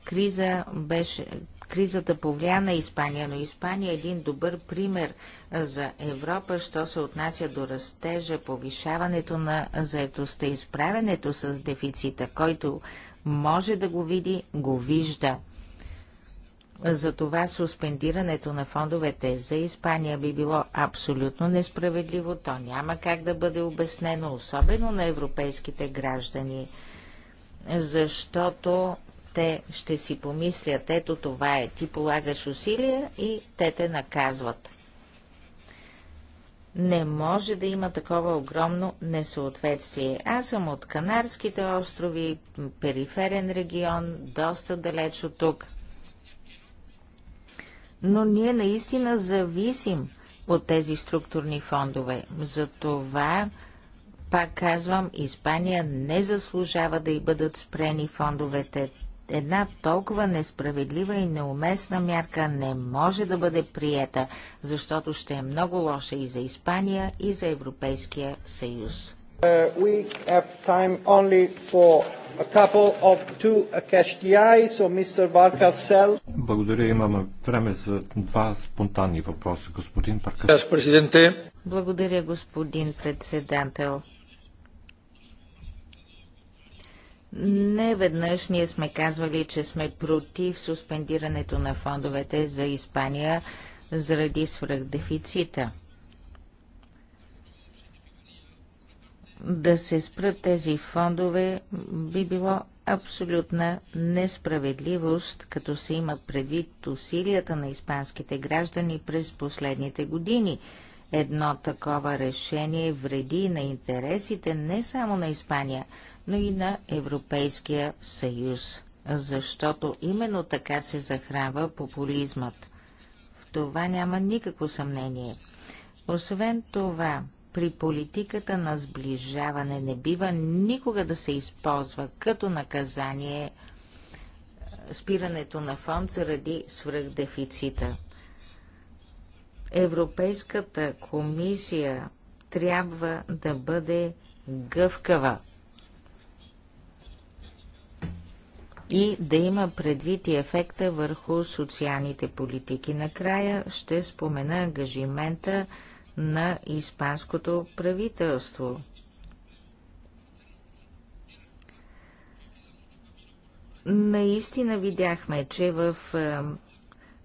Криза беше, кризата повлия на Испания, но Испания е един добър пример за Европа, що се отнася до растежа, повишаването на заетостта, изправенето с дефицита, който може да го види, го вижда. Затова суспендирането на фондовете за Испания би било абсолютно несправедливо, то няма как да бъде обяснено, особено на европейските граждани, защото те ще си помислят, ето това е, ти полагаш усилия и те те наказват. Не може да има такова огромно несъответствие. Аз съм от Канарските острови, периферен регион, доста далеч от тук – но ние наистина зависим от тези структурни фондове. Затова, пак казвам, Испания не заслужава да й бъдат спрени фондовете. Една толкова несправедлива и неуместна мярка не може да бъде приета, защото ще е много лоша и за Испания, и за Европейския съюз. Uh, we have time only for a couple of two catch the eye, so Mr. Valcasel. Благодаря, имаме време за два спонтанни въпроса, господин Паркасел. Благодаря, господин председател. Не веднъж ние сме казвали, че сме против суспендирането на фондовете за Испания заради свръхдефицита. да се спрат тези фондове би било абсолютна несправедливост, като се има предвид усилията на испанските граждани през последните години. Едно такова решение вреди на интересите не само на Испания, но и на Европейския съюз, защото именно така се захранва популизмът. В това няма никакво съмнение. Освен това, при политиката на сближаване не бива никога да се използва като наказание е, спирането на фонд заради свръхдефицита. Европейската комисия трябва да бъде гъвкава и да има предвид и ефекта върху социалните политики. Накрая ще спомена ангажимента на испанското правителство. Наистина видяхме, че в е,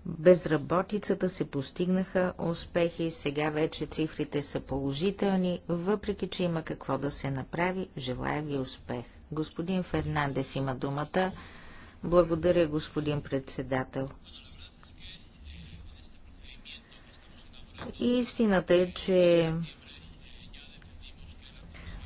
безработицата се постигнаха успехи, сега вече цифрите са положителни, въпреки че има какво да се направи, желая ви успех. Господин Фернандес има думата. Благодаря, господин председател. истината е, че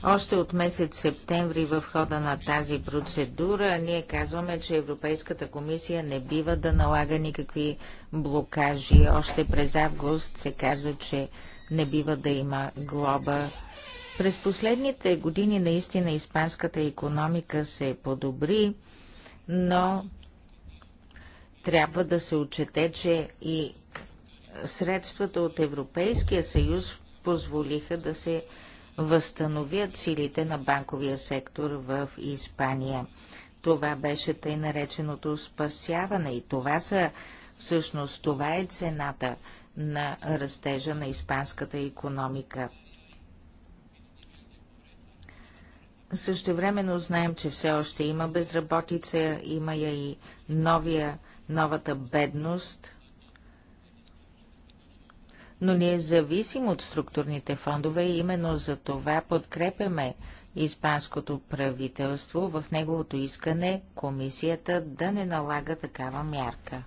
още от месец септември в хода на тази процедура ние казваме, че Европейската комисия не бива да налага никакви блокажи. Още през август се казва, че не бива да има глоба. През последните години наистина испанската економика се подобри, но трябва да се отчете, че и средствата от Европейския съюз позволиха да се възстановят силите на банковия сектор в Испания. Това беше тъй нареченото спасяване и това са всъщност това е цената на растежа на испанската економика. Същевременно знаем, че все още има безработица, има я и новия, новата бедност – но е зависим от структурните фондове и именно за това подкрепяме испанското правителство в неговото искане комисията да не налага такава мярка.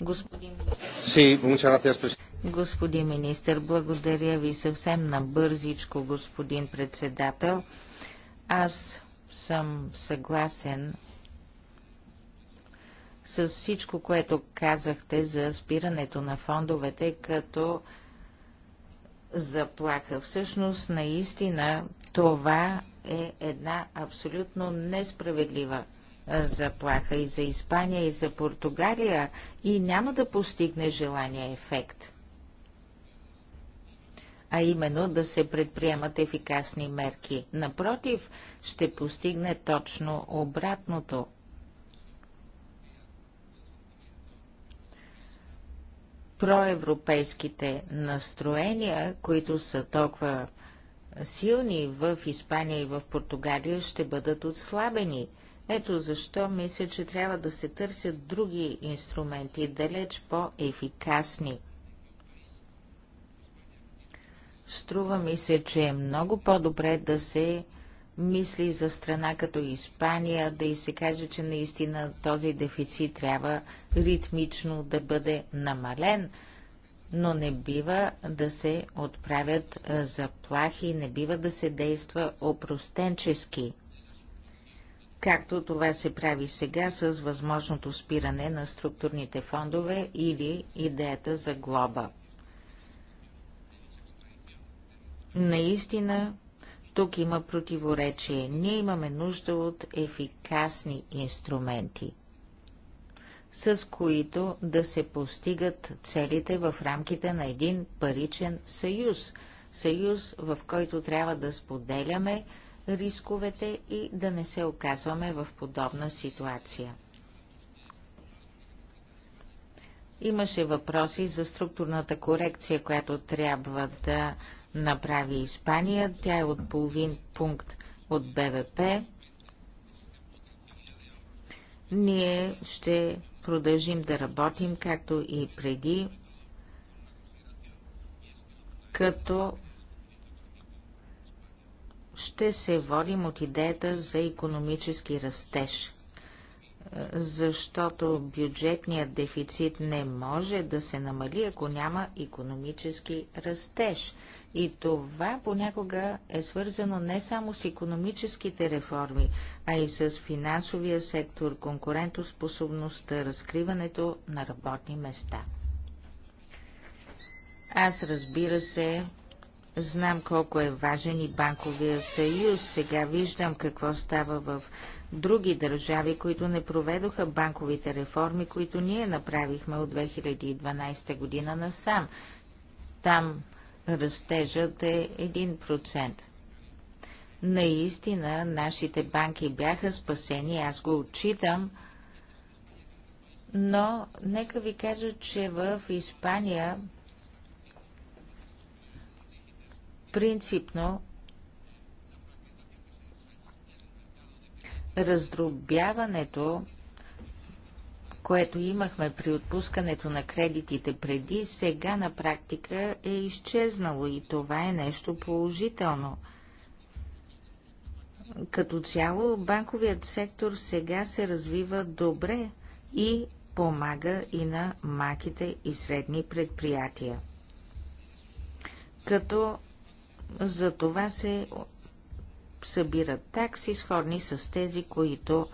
Господин, sí, господин министр, благодаря ви съвсем набързичко, господин председател. Аз съм съгласен с всичко, което казахте за спирането на фондовете като заплаха. Всъщност, наистина, това е една абсолютно несправедлива заплаха и за Испания, и за Португалия и няма да постигне желания ефект. А именно да се предприемат ефикасни мерки. Напротив, ще постигне точно обратното – проевропейските настроения, които са толкова силни в Испания и в Португалия, ще бъдат отслабени. Ето защо мисля, че трябва да се търсят други инструменти, далеч по-ефикасни. Струва ми се, че е много по-добре да се мисли за страна като Испания, да и се каже, че наистина този дефицит трябва ритмично да бъде намален, но не бива да се отправят заплахи, не бива да се действа опростенчески, както това се прави сега с възможното спиране на структурните фондове или идеята за глоба. Наистина тук има противоречие. Ние имаме нужда от ефикасни инструменти, с които да се постигат целите в рамките на един паричен съюз. Съюз, в който трябва да споделяме рисковете и да не се оказваме в подобна ситуация. Имаше въпроси за структурната корекция, която трябва да направи Испания. Тя е от половин пункт от БВП. Ние ще продължим да работим, както и преди, като ще се водим от идеята за економически растеж, защото бюджетният дефицит не може да се намали, ако няма економически растеж. И това понякога е свързано не само с економическите реформи, а и с финансовия сектор, конкурентоспособността, разкриването на работни места. Аз разбира се, знам колко е важен и банковия съюз. Сега виждам какво става в други държави, които не проведоха банковите реформи, които ние направихме от 2012 година насам. Там растежът е 1%. Наистина, нашите банки бяха спасени, аз го отчитам, но нека ви кажа, че в Испания принципно раздробяването което имахме при отпускането на кредитите преди, сега на практика е изчезнало и това е нещо положително. Като цяло банковият сектор сега се развива добре и помага и на маките и средни предприятия. Като за това се събират такси, сходни с тези, които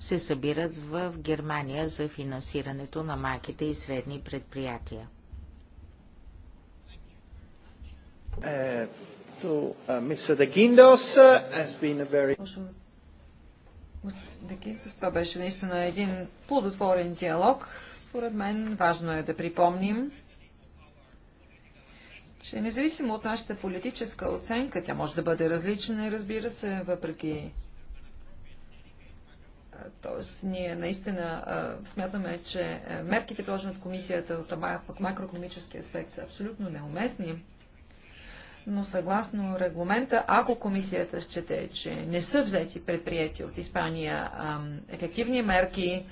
се събират в Германия за финансирането на малките и средни предприятия. Uh, uh, uh това беше наистина един плодотворен диалог. Според мен важно е да припомним, че независимо от нашата политическа оценка, тя може да бъде различна, разбира се, въпреки Тоест, ние наистина смятаме, че мерките, предложени от комисията от макроекономически аспект, са абсолютно неуместни. Но съгласно регламента, ако комисията счете, че не са взети предприятия от Испания ефективни мерки,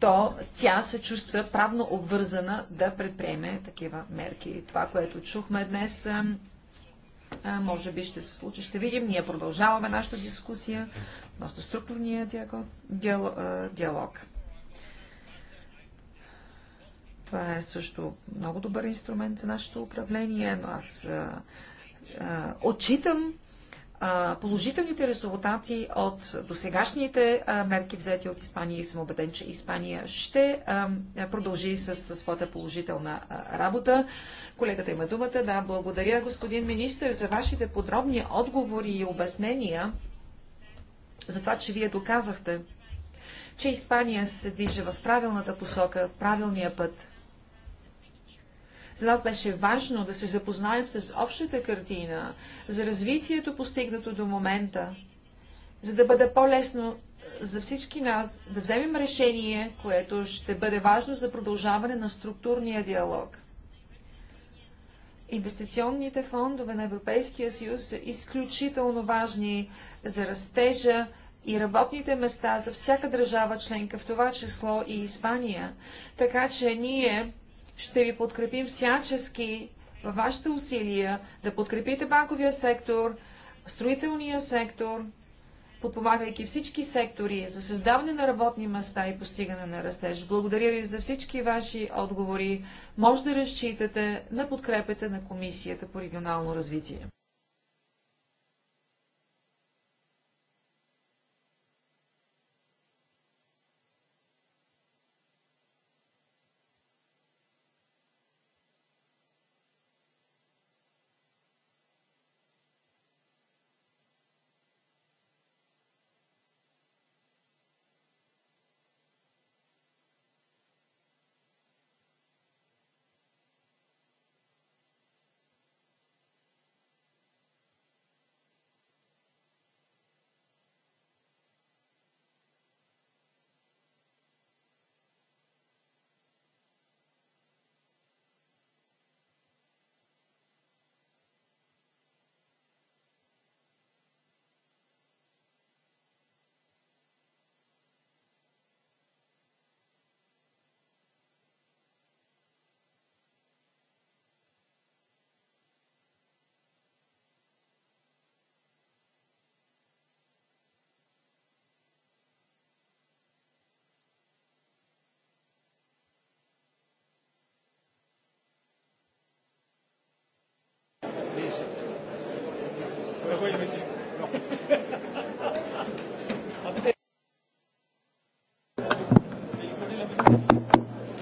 то тя се чувства правно обвързана да предприеме такива мерки. Това, което чухме днес, може би ще се случи, ще видим. Ние продължаваме нашата дискусия относно структурния диалог. Това е също много добър инструмент за нашето управление, но аз а, а, отчитам положителните резултати от досегашните мерки взети от Испания и съм убеден, че Испания ще продължи с, своята положителна работа. Колегата има думата. Да, благодаря, господин министр, за вашите подробни отговори и обяснения за това, че вие доказахте, че Испания се движи в правилната посока, правилния път. За нас беше важно да се запознаем с общата картина, за развитието постигнато до момента, за да бъде по-лесно за всички нас да вземем решение, което ще бъде важно за продължаване на структурния диалог. Инвестиционните фондове на Европейския съюз са изключително важни за растежа и работните места за всяка държава членка, в това число и Испания. Така че ние ще ви подкрепим всячески във вашите усилия да подкрепите банковия сектор, строителния сектор, подпомагайки всички сектори за създаване на работни места и постигане на растеж. Благодаря ви за всички ваши отговори. Може да разчитате на подкрепата на Комисията по регионално развитие.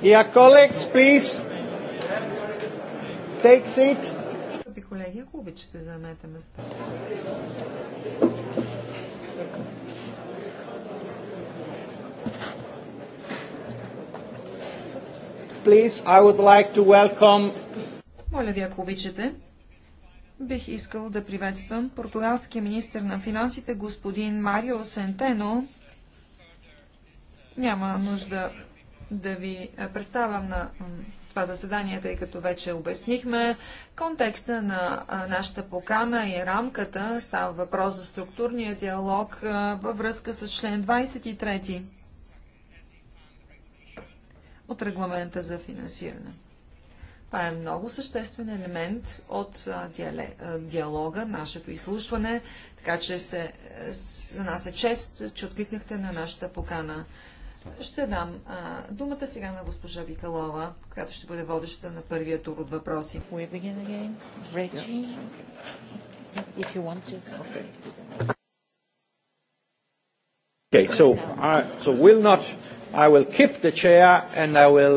Dear colleagues, please take seat. Колеги, ако обичате, заемете места. Please, I would like to welcome... Моля ви, ако обичате, Бих искал да приветствам португалския министр на финансите господин Марио Сентено. Няма нужда да ви представям на това заседание, тъй като вече обяснихме контекста на нашата покана и рамката. Става въпрос за структурния диалог във връзка с член 23 от регламента за финансиране. Това е много съществен елемент от а, диале, а, диалога, нашето изслушване, така че се, за нас е чест, че откликнахте на нашата покана. Ще дам а, думата сега на госпожа Викалова, която ще бъде водеща на първия тур от въпроси. Okay, so I, so will not I will keep the chair and I will.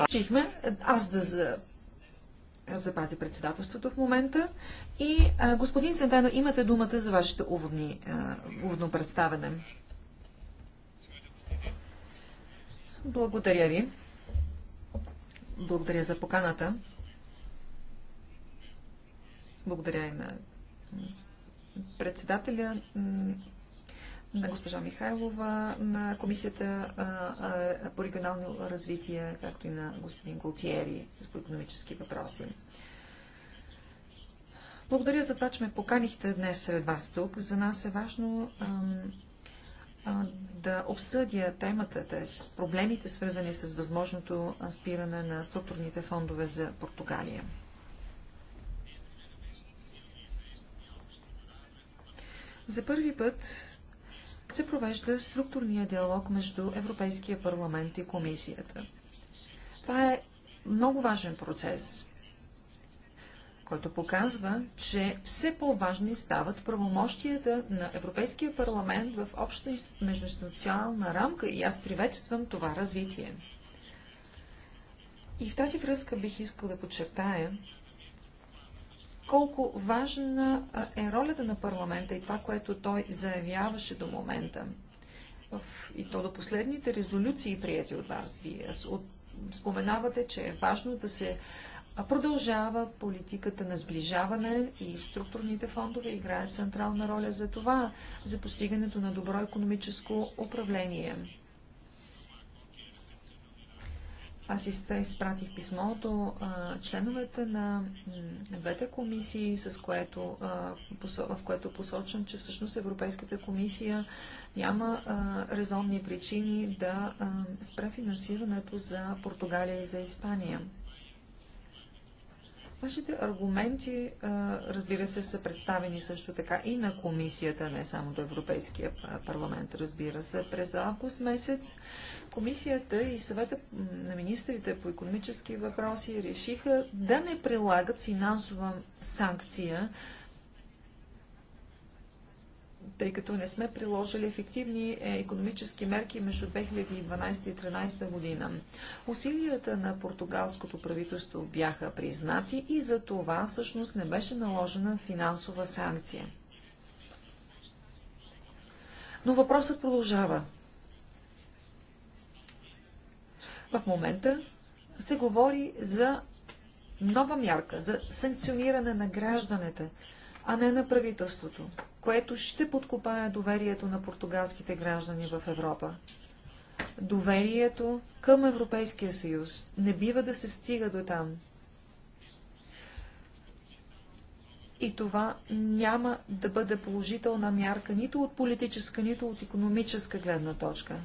Uh... Аз да запази председателството в момента. И а, господин Сентено, имате думата за вашето уводни, а, уводно представене. Благодаря ви. Благодаря за поканата. Благодаря и на председателя на госпожа Михайлова, на Комисията а, а, по регионално развитие, както и на господин Голтиери по економически въпроси. Благодаря за това, че ме поканихте днес сред вас тук. За нас е важно а, да обсъдя темата, проблемите свързани с възможното спиране на структурните фондове за Португалия. За първи път се провежда структурния диалог между Европейския парламент и комисията. Това е много важен процес, който показва, че все по-важни стават правомощията на Европейския парламент в обща междуинституционална рамка и аз приветствам това развитие. И в тази връзка бих искал да подчертая, колко важна е ролята на парламента и това, което той заявяваше до момента. И то до последните резолюции, прияти от вас, вие споменавате, че е важно да се продължава политиката на сближаване и структурните фондове играят централна роля за това, за постигането на добро економическо управление. Аз изпратих писмо до а, членовете на двете комисии, с което, а, в което посочвам, че всъщност Европейската комисия няма а, резонни причини да спре финансирането за Португалия и за Испания. Вашите аргументи, разбира се, са представени също така и на комисията, не само до Европейския парламент, разбира се. През август месец комисията и съвета на министрите по економически въпроси решиха да не прилагат финансова санкция тъй като не сме приложили ефективни економически мерки между 2012 и 2013 година. Усилията на португалското правителство бяха признати и за това всъщност не беше наложена финансова санкция. Но въпросът продължава. В момента се говори за нова мярка, за санкциониране на гражданите, а не на правителството, което ще подкопае доверието на португалските граждани в Европа. Доверието към Европейския съюз не бива да се стига до там. И това няма да бъде положителна мярка нито от политическа, нито от економическа гледна точка.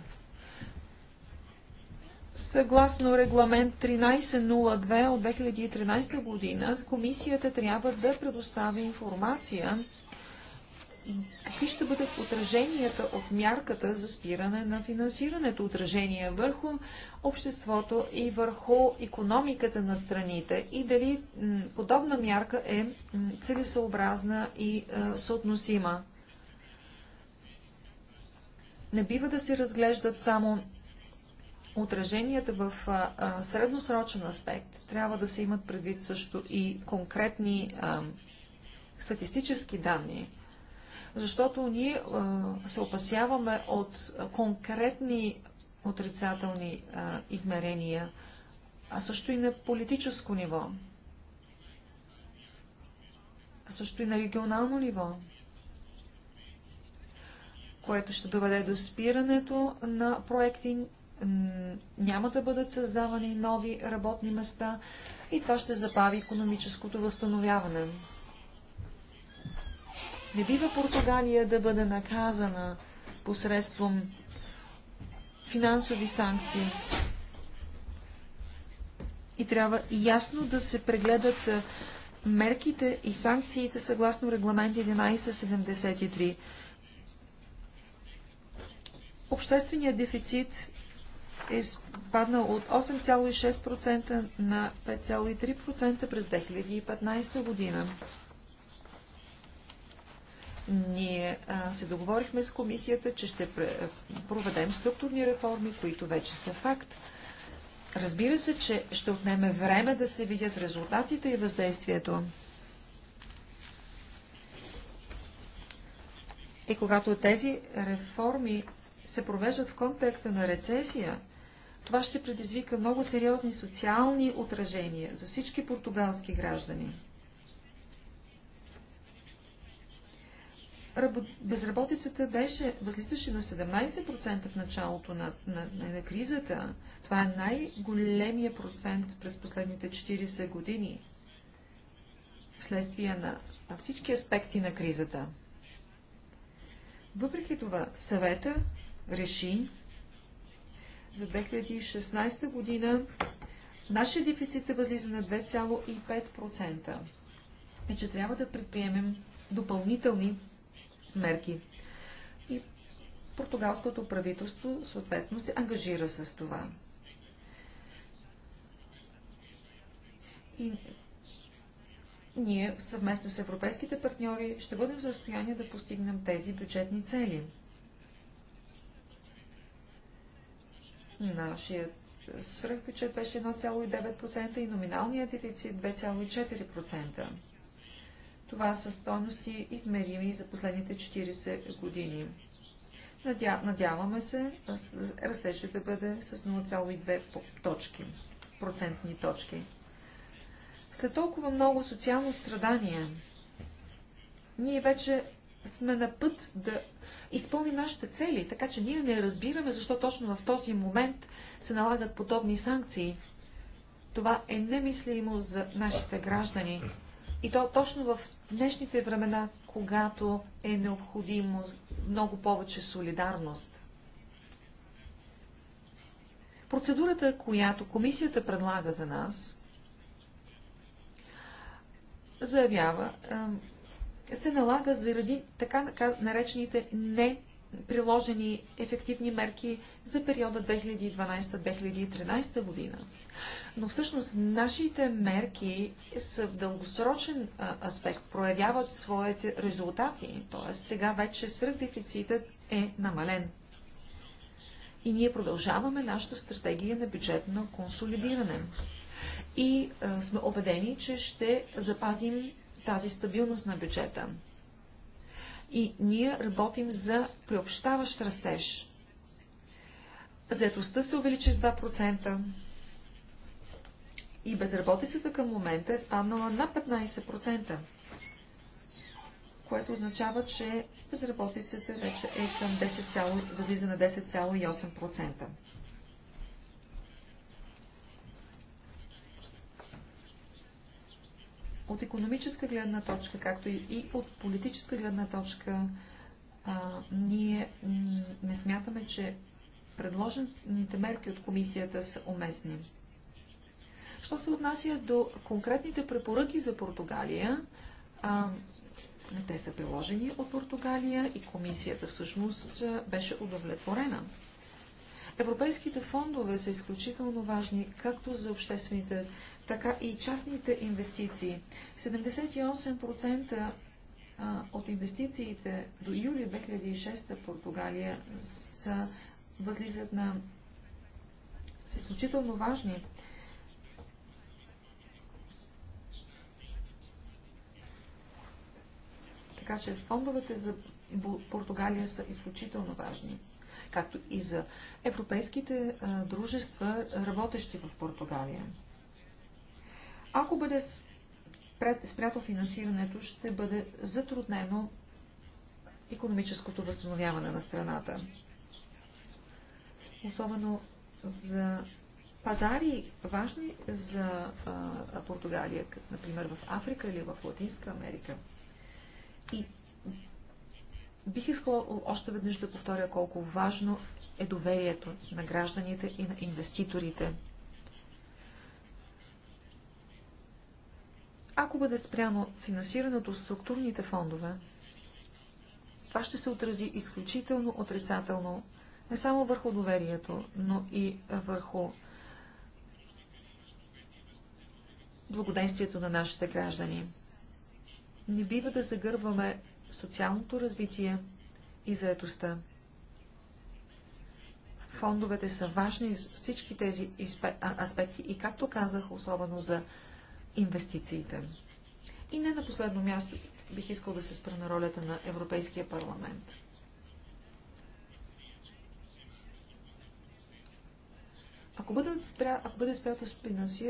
Съгласно регламент 1302 от 2013 година, комисията трябва да предостави информация какви ще бъдат отраженията от мярката за спиране на финансирането, отражения върху обществото и върху економиката на страните и дали подобна мярка е целесъобразна и е, съотносима. Не бива да се разглеждат само отраженията в а, средносрочен аспект трябва да се имат предвид също и конкретни а, статистически данни, защото ние а, се опасяваме от конкретни отрицателни а, измерения, а също и на политическо ниво, а също и на регионално ниво което ще доведе до спирането на проекти няма да бъдат създавани нови работни места и това ще забави економическото възстановяване. Не бива Португалия да бъде наказана посредством финансови санкции. И трябва ясно да се прегледат мерките и санкциите съгласно регламент 1173. Общественият дефицит е спаднал от 8,6% на 5,3% през 2015 година. Ние а, се договорихме с комисията, че ще проведем структурни реформи, които вече са факт. Разбира се, че ще отнеме време да се видят резултатите и въздействието. И когато тези реформи се провеждат в контекста на рецесия, това ще предизвика много сериозни социални отражения за всички португалски граждани. Безработицата беше, възлизаше на 17% в началото на, на, на, на кризата. Това е най-големия процент през последните 40 години, вследствие на всички аспекти на кризата. Въпреки това, съвета реши за 2016 година нашия дефицит е възлиза на 2,5%. И че трябва да предприемем допълнителни мерки. И португалското правителство съответно се ангажира с това. И ние съвместно с европейските партньори ще бъдем в състояние да постигнем тези бюджетни цели. Нашият свръхбюджет беше 1,9% и номиналният дефицит 2,4%. Това са стойности измерими за последните 40 години. Надяваме се растежът да бъде с 0,2 точки, процентни точки. След толкова много социално страдание, ние вече сме на път да изпълним нашите цели, така че ние не разбираме защо точно в този момент се налагат подобни санкции. Това е немислимо за нашите граждани. И то точно в днешните времена, когато е необходимо много повече солидарност. Процедурата, която комисията предлага за нас, заявява, се налага заради така наречените не приложени ефективни мерки за периода 2012-2013 година. Но всъщност нашите мерки са в дългосрочен аспект, проявяват своите резултати, т.е. сега вече свръхдефицитът е намален. И ние продължаваме нашата стратегия на бюджетно консолидиране. И а, сме убедени, че ще запазим тази стабилност на бюджета. И ние работим за приобщаващ растеж. Заетостта се увеличи с 2% и безработицата към момента е спаднала на 15%, което означава, че безработицата вече е към 10, възлиза на 10,8%. от економическа гледна точка, както и от политическа гледна точка, а, ние не смятаме, че предложените мерки от комисията са уместни. Що се отнася до конкретните препоръки за Португалия, а, те са приложени от Португалия и комисията всъщност беше удовлетворена Европейските фондове са изключително важни както за обществените, така и частните инвестиции. 78% от инвестициите до юли 2006 в Португалия са, възлизат на са изключително важни. Така че фондовете за Португалия са изключително важни както и за европейските а, дружества, работещи в Португалия. Ако бъде спрято финансирането, ще бъде затруднено економическото възстановяване на страната. Особено за пазари, важни за а, Португалия, като, например в Африка или в Латинска Америка. И Бих искала още веднъж да повторя колко важно е доверието на гражданите и на инвеститорите. Ако бъде спряно финансирането от структурните фондове, това ще се отрази изключително отрицателно не само върху доверието, но и върху благоденствието на нашите граждани. Не бива да загърбваме социалното развитие и заедостта. Фондовете са важни за всички тези аспекти и, както казах, особено за инвестициите. И не на последно място бих искал да се спра на ролята на Европейския парламент. Ако, бъде, спря, ако бъде спрято с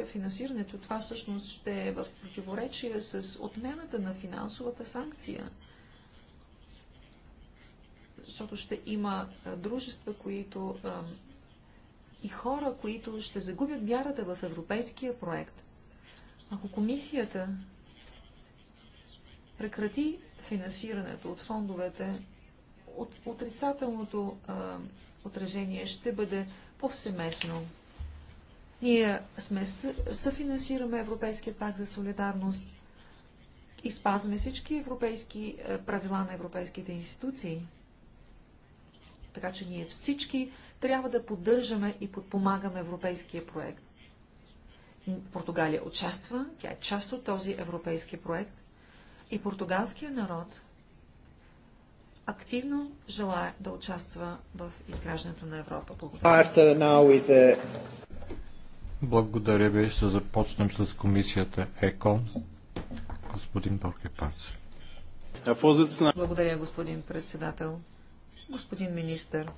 финансирането, това всъщност ще е в противоречие с отмената на финансовата санкция – защото ще има дружества, които и хора, които ще загубят вярата в европейския проект. Ако комисията прекрати финансирането от фондовете, от, отрицателното а, отражение ще бъде повсеместно. Ние сме съфинансираме Европейския пакт за солидарност и спазваме всички европейски правила на европейските институции. Така че ние всички трябва да поддържаме и подпомагаме европейския проект. Португалия участва, тя е част от този европейски проект и португалския народ активно желая да участва в изграждането на Европа. Благодаря. Благодаря ви. Ще започнем с комисията ЕКО. Господин Парц. Благодаря, господин председател господин министър.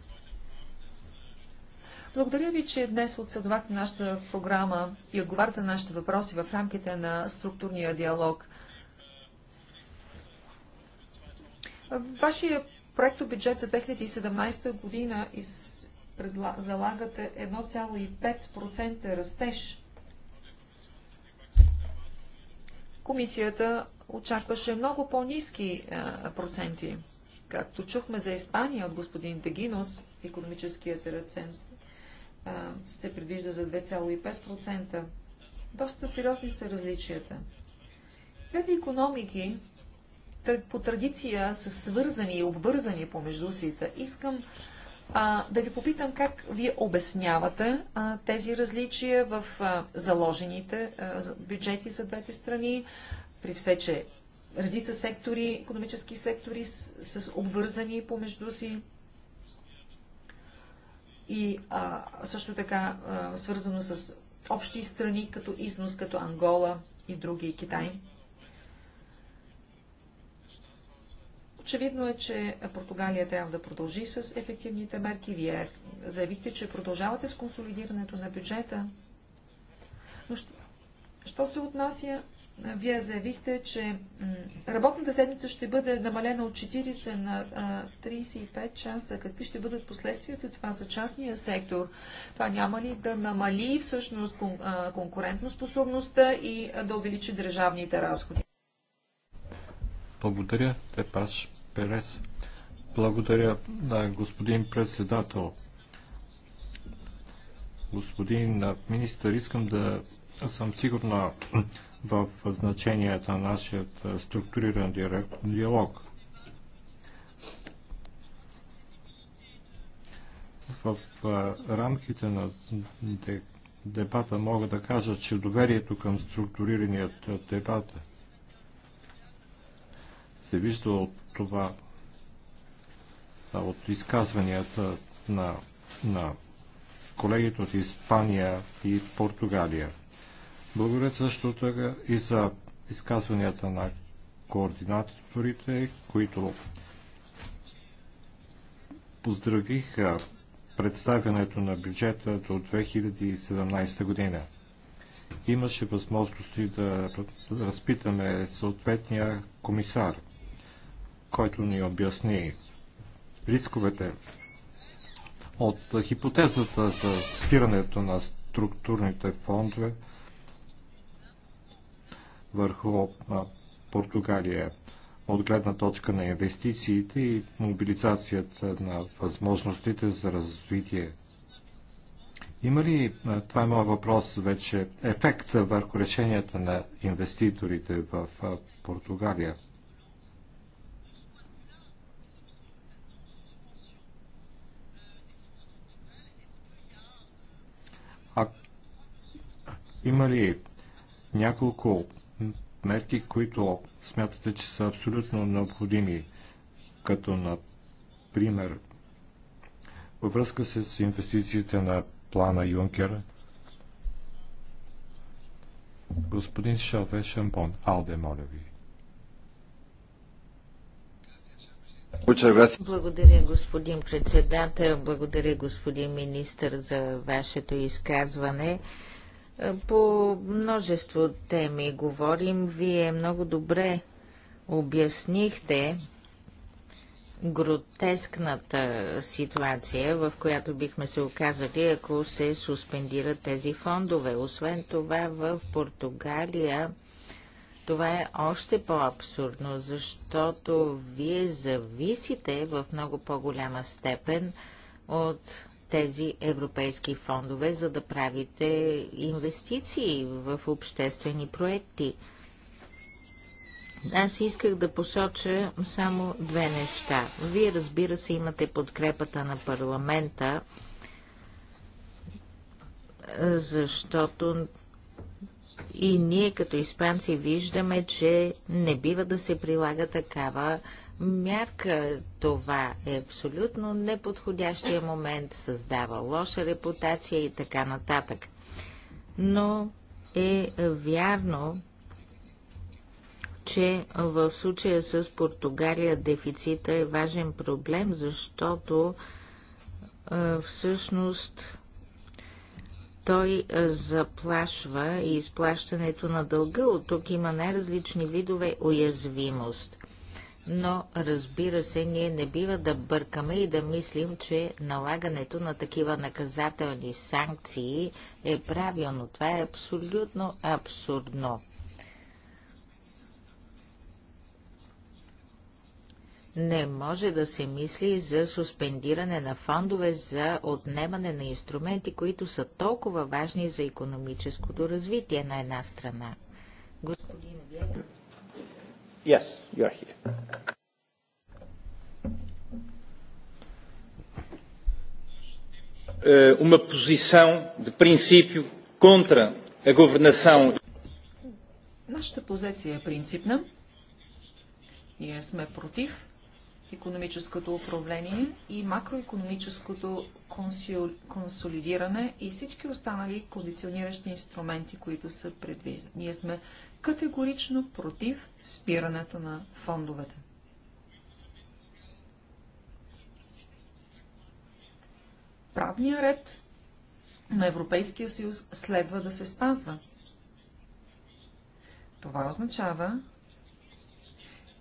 Благодаря ви, че днес отсъдвахте нашата програма и отговаряте на нашите въпроси в рамките на структурния диалог. Вашия от бюджет за 2017 година из... предла... залагате 1,5% растеж. Комисията очакваше много по-низки е, проценти. Както чухме за Испания от господин Дегинос, економическият рецент се предвижда за 2,5%. Доста сериозни са различията. Двете економики по традиция са свързани и обвързани помежду си. Искам а, да ви попитам как вие обяснявате а, тези различия в а, заложените а, бюджети за двете страни, при все, че редица сектори, економически сектори с, с обвързани помежду си и а, също така а, свързано с общи страни, като износ, като Ангола и други Китай. Очевидно е, че Португалия трябва да продължи с ефективните мерки. Вие заявихте, че продължавате с консолидирането на бюджета. Но що, що се отнася вие заявихте, че работната седмица ще бъде намалена от 40 на 35 часа. Какви ще бъдат последствията това за частния сектор? Това няма ли да намали всъщност конкурентоспособността и да увеличи държавните разходи? Благодаря, Тепаш Перес. Благодаря на господин председател. Господин министър, искам да съм сигурна, в значението на нашия структуриран диалог. В рамките на дебата мога да кажа, че доверието към структурираният дебат се вижда от това, от изказванията на, на колегите от Испания и Португалия. Благодаря също така и за изказванията на координаторите, които поздравиха представянето на бюджета до 2017 година. Имаше възможности да разпитаме съответния комисар, който ни обясни рисковете от хипотезата за спирането на структурните фондове – върху Португалия от гледна точка на инвестициите и мобилизацията на възможностите за развитие. Има ли, това е моят въпрос вече, ефект върху решенията на инвеститорите в Португалия? А има ли няколко мерки, които смятате, че са абсолютно необходими, като например във връзка с инвестициите на плана Юнкер, господин Шалве Шампон, Алде, моля ви. Благодаря, господин председател. Благодаря, господин министр, за вашето изказване. По множество теми говорим. Вие много добре обяснихте гротескната ситуация, в която бихме се оказали, ако се суспендират тези фондове. Освен това, в Португалия това е още по-абсурдно, защото вие зависите в много по-голяма степен от тези европейски фондове, за да правите инвестиции в обществени проекти. Аз исках да посоча само две неща. Вие, разбира се, имате подкрепата на парламента, защото и ние като испанци виждаме, че не бива да се прилага такава мярка. Това е абсолютно неподходящия момент, създава лоша репутация и така нататък. Но е вярно, че в случая с Португалия дефицита е важен проблем, защото всъщност той заплашва и изплащането на дълга. От тук има най-различни видове уязвимост но разбира се, ние не бива да бъркаме и да мислим, че налагането на такива наказателни санкции е правилно. Това е абсолютно абсурдно. Не може да се мисли за суспендиране на фондове за отнемане на инструменти, които са толкова важни за економическото развитие на една страна. Господин Вега... Yes, you are here. Eh, uma posição de princípio contra a governação. Нашата позиция е принципна. Ние сме против економическото управление и макроекономическото консолидиране и всички останали кондициониращи инструменти, които са предвиждат. Ние сме категорично против спирането на фондовете. Правният ред на Европейския съюз следва да се спазва. Това означава,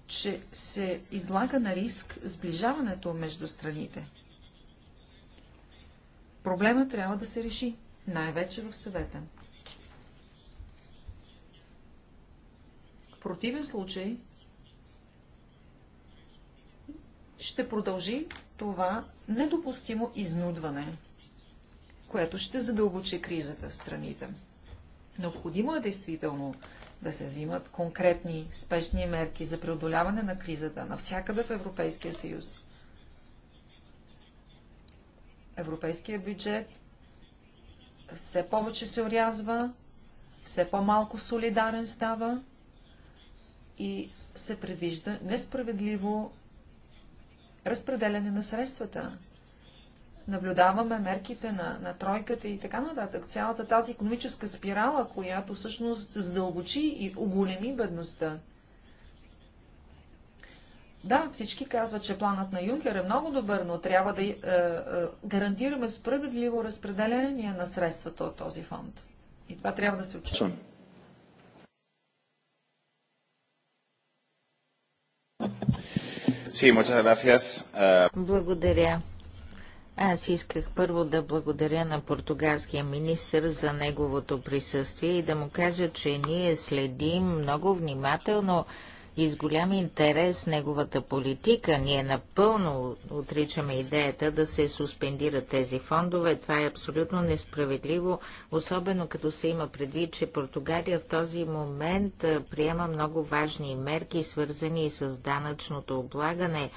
че се излага на риск сближаването между страните. Проблема трябва да се реши, най-вече в съвета. противен случай ще продължи това недопустимо изнудване, което ще задълбочи кризата в страните. Необходимо е действително да се взимат конкретни, спешни мерки за преодоляване на кризата навсякъде в Европейския съюз. Европейския бюджет все повече се орязва, все по-малко солидарен става и се предвижда несправедливо разпределяне на средствата. Наблюдаваме мерките на, на тройката и така нататък. Цялата тази економическа спирала, която всъщност задълбочи и оголеми бедността. Да, всички казват, че планът на Юнкер е много добър, но трябва да е, е, гарантираме справедливо разпределение на средствата от този фонд. И това трябва да се отчита. Eh, благодаря. Аз исках първо да благодаря на португалския министр за неговото присъствие и да му кажа, че ние следим много внимателно и с голям интерес неговата политика. Ние напълно отричаме идеята да се суспендират тези фондове. Това е абсолютно несправедливо, особено като се има предвид, че Португалия в този момент приема много важни мерки, свързани с данъчното облагане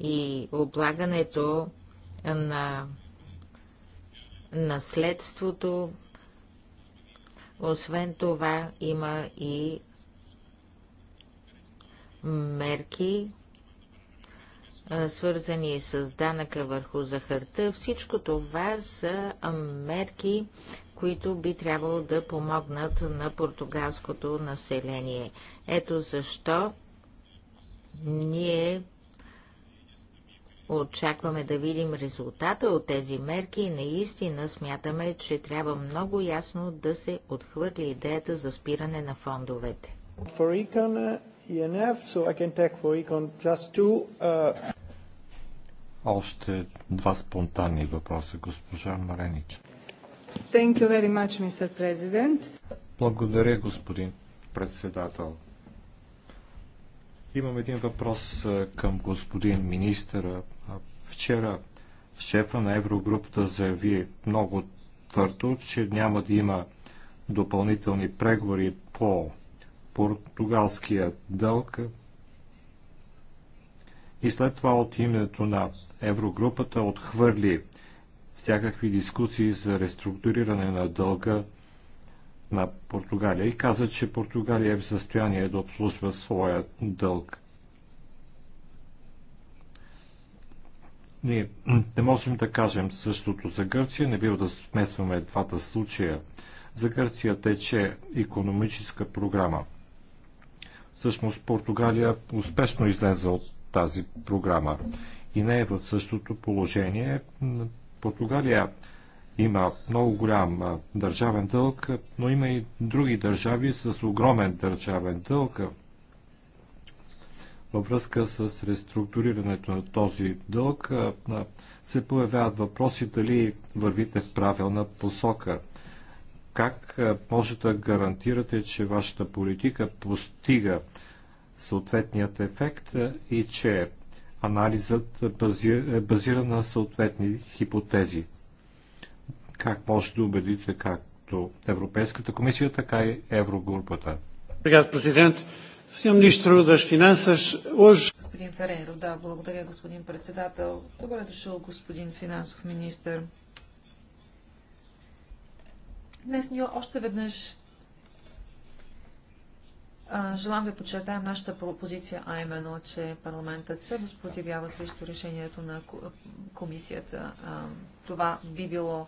и облагането на наследството. Освен това има и мерки, свързани с данъка върху захарта. Всичко това са мерки, които би трябвало да помогнат на португалското население. Ето защо ние Очакваме да видим резултата от тези мерки и наистина смятаме, че трябва много ясно да се отхвърли идеята за спиране на фондовете. ENF, so I can take for Econ just two. Uh... Още два спонтанни въпроса, госпожа Маренич. Thank you very much, Mr. President. Благодаря, господин председател. Имам един въпрос към господин министъра. Вчера шефа на Еврогрупата заяви много твърдо, че няма да има допълнителни преговори по португалския дълг и след това от името на Еврогрупата отхвърли всякакви дискусии за реструктуриране на дълга на Португалия и каза, че Португалия е в състояние да обслужва своя дълг. Ние не можем да кажем същото за Гърция, не бива да смесваме двата случая. За Гърция тече економическа програма. Всъщност Португалия успешно излезе от тази програма и не е в същото положение. Португалия има много голям държавен дълг, но има и други държави с огромен държавен дълг. Във връзка с реструктурирането на този дълг се появяват въпроси дали вървите в правилна посока – как може да гарантирате, че вашата политика постига съответният ефект и че анализът е базиран на съответни хипотези? Как може да убедите както Европейската комисия, така и Еврогрупата? Obrigado, Presidente. Senhor Ministro да Finanças, hoje... Господин Ферейро, да, благодаря, господин председател. Добре дошъл, господин финансов министр. Днес ние още веднъж желам да подчертаем нашата позиция, а именно, че парламентът се възпротивява срещу решението на комисията. това би било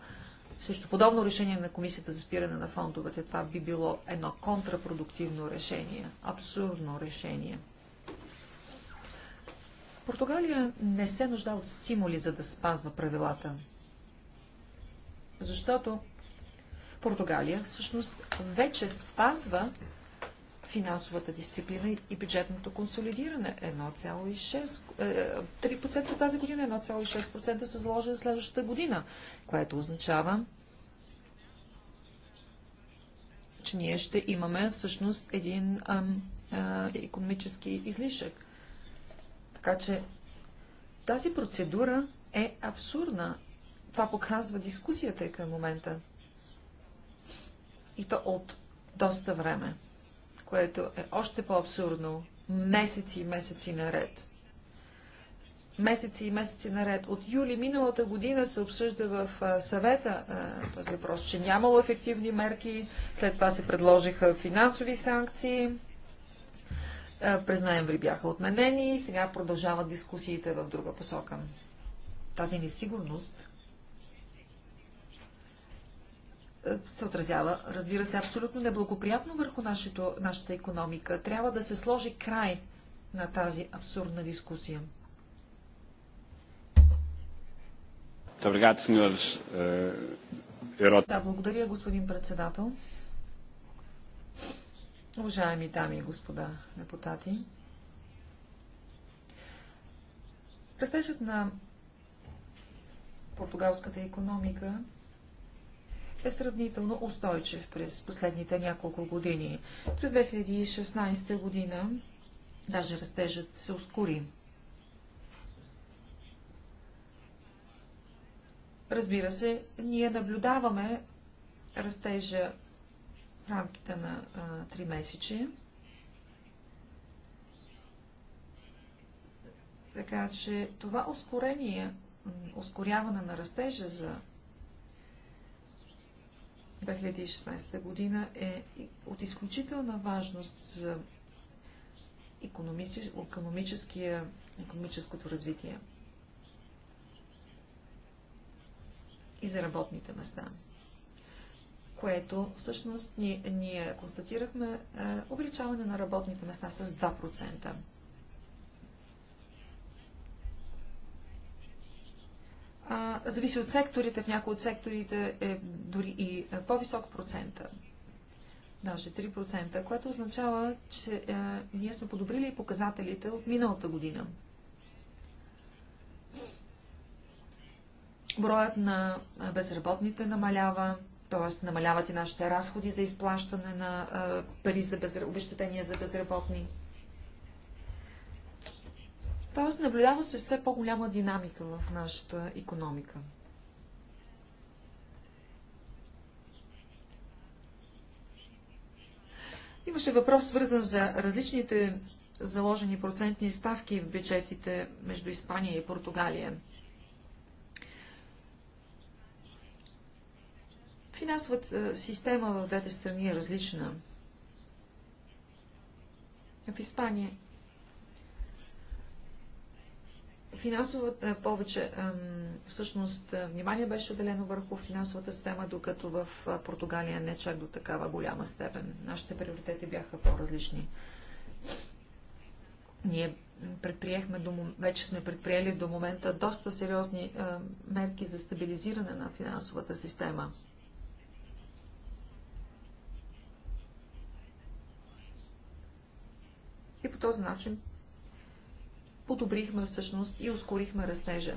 също подобно решение на комисията за спиране на фондовете. Това би било едно контрапродуктивно решение, абсурдно решение. Португалия не се нужда от стимули, за да спазва правилата. Защото Португалия всъщност вече спазва финансовата дисциплина и бюджетното консолидиране. 1,6, 3% е, е, с тази година, 1,6% са заложени следващата година, което означава, че ние ще имаме всъщност един ам, а, економически излишък. Така че тази процедура е абсурдна. Това показва дискусията към момента. И то от доста време, което е още по-абсурдно. Месеци и месеци наред. Месеци и месеци наред. От юли миналата година се обсъжда в а, съвета а, този въпрос, че нямало ефективни мерки, след това се предложиха финансови санкции, а, през ноември бяха отменени и сега продължават дискусиите в друга посока. Тази несигурност Е, се отразява, разбира се, абсолютно неблагоприятно върху нашето, нашата економика. Трябва да се сложи край на тази абсурдна дискусия. Е, е, да, благодаря, господин председател. Уважаеми дами и господа депутати, растежът на португалската економика е сравнително устойчив през последните няколко години. През 2016 година даже растежът се ускори. Разбира се, ние наблюдаваме растежа в рамките на а, 3 месече. Така че това ускорение, ускоряване на растежа за 2016 година е от изключителна важност за економическото развитие и за работните места, което всъщност ние, ние констатирахме е, увеличаване на работните места с 2%. а, зависи от секторите. В някои от секторите е дори и по-висок процента даже 3%, което означава, че а, ние сме подобрили показателите от миналата година. Броят на безработните намалява, т.е. намаляват и нашите разходи за изплащане на а, пари за обещатения обещетения за безработни. Тоест, наблюдава се все по-голяма динамика в нашата економика. Имаше въпрос, свързан за различните заложени процентни ставки в бюджетите между Испания и Португалия. Финансовата система в двете страни е различна. В Испания финансовата е, повече, всъщност, е, внимание беше отделено върху финансовата система, докато в е, Португалия не чак до такава голяма степен. Нашите приоритети бяха по-различни. Ние предприехме, до, вече сме предприели до момента доста сериозни мерки за стабилизиране на финансовата система. И по този начин подобрихме всъщност и ускорихме растежа.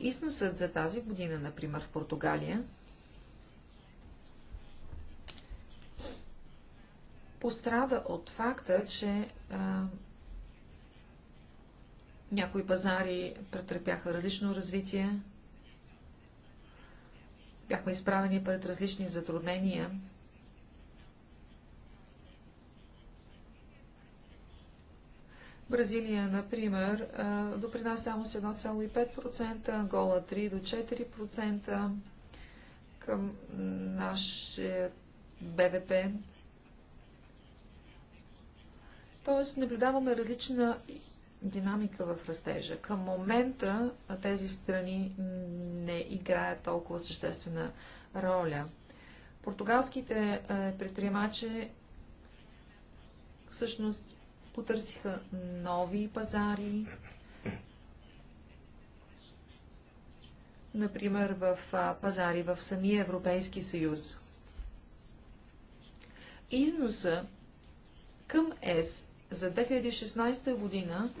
Износът за тази година, например, в Португалия, пострада от факта, че а, някои пазари претърпяха различно развитие, бяхме изправени пред различни затруднения Бразилия, например, допринася само с 1,5%, Ангола 3 до 4% към нашия БВП. Тоест, наблюдаваме различна динамика в растежа. Към момента тези страни не играят толкова съществена роля. Португалските предприемачи всъщност потърсиха нови пазари. Например, в пазари в самия Европейски съюз. Износа към ЕС за 2016 година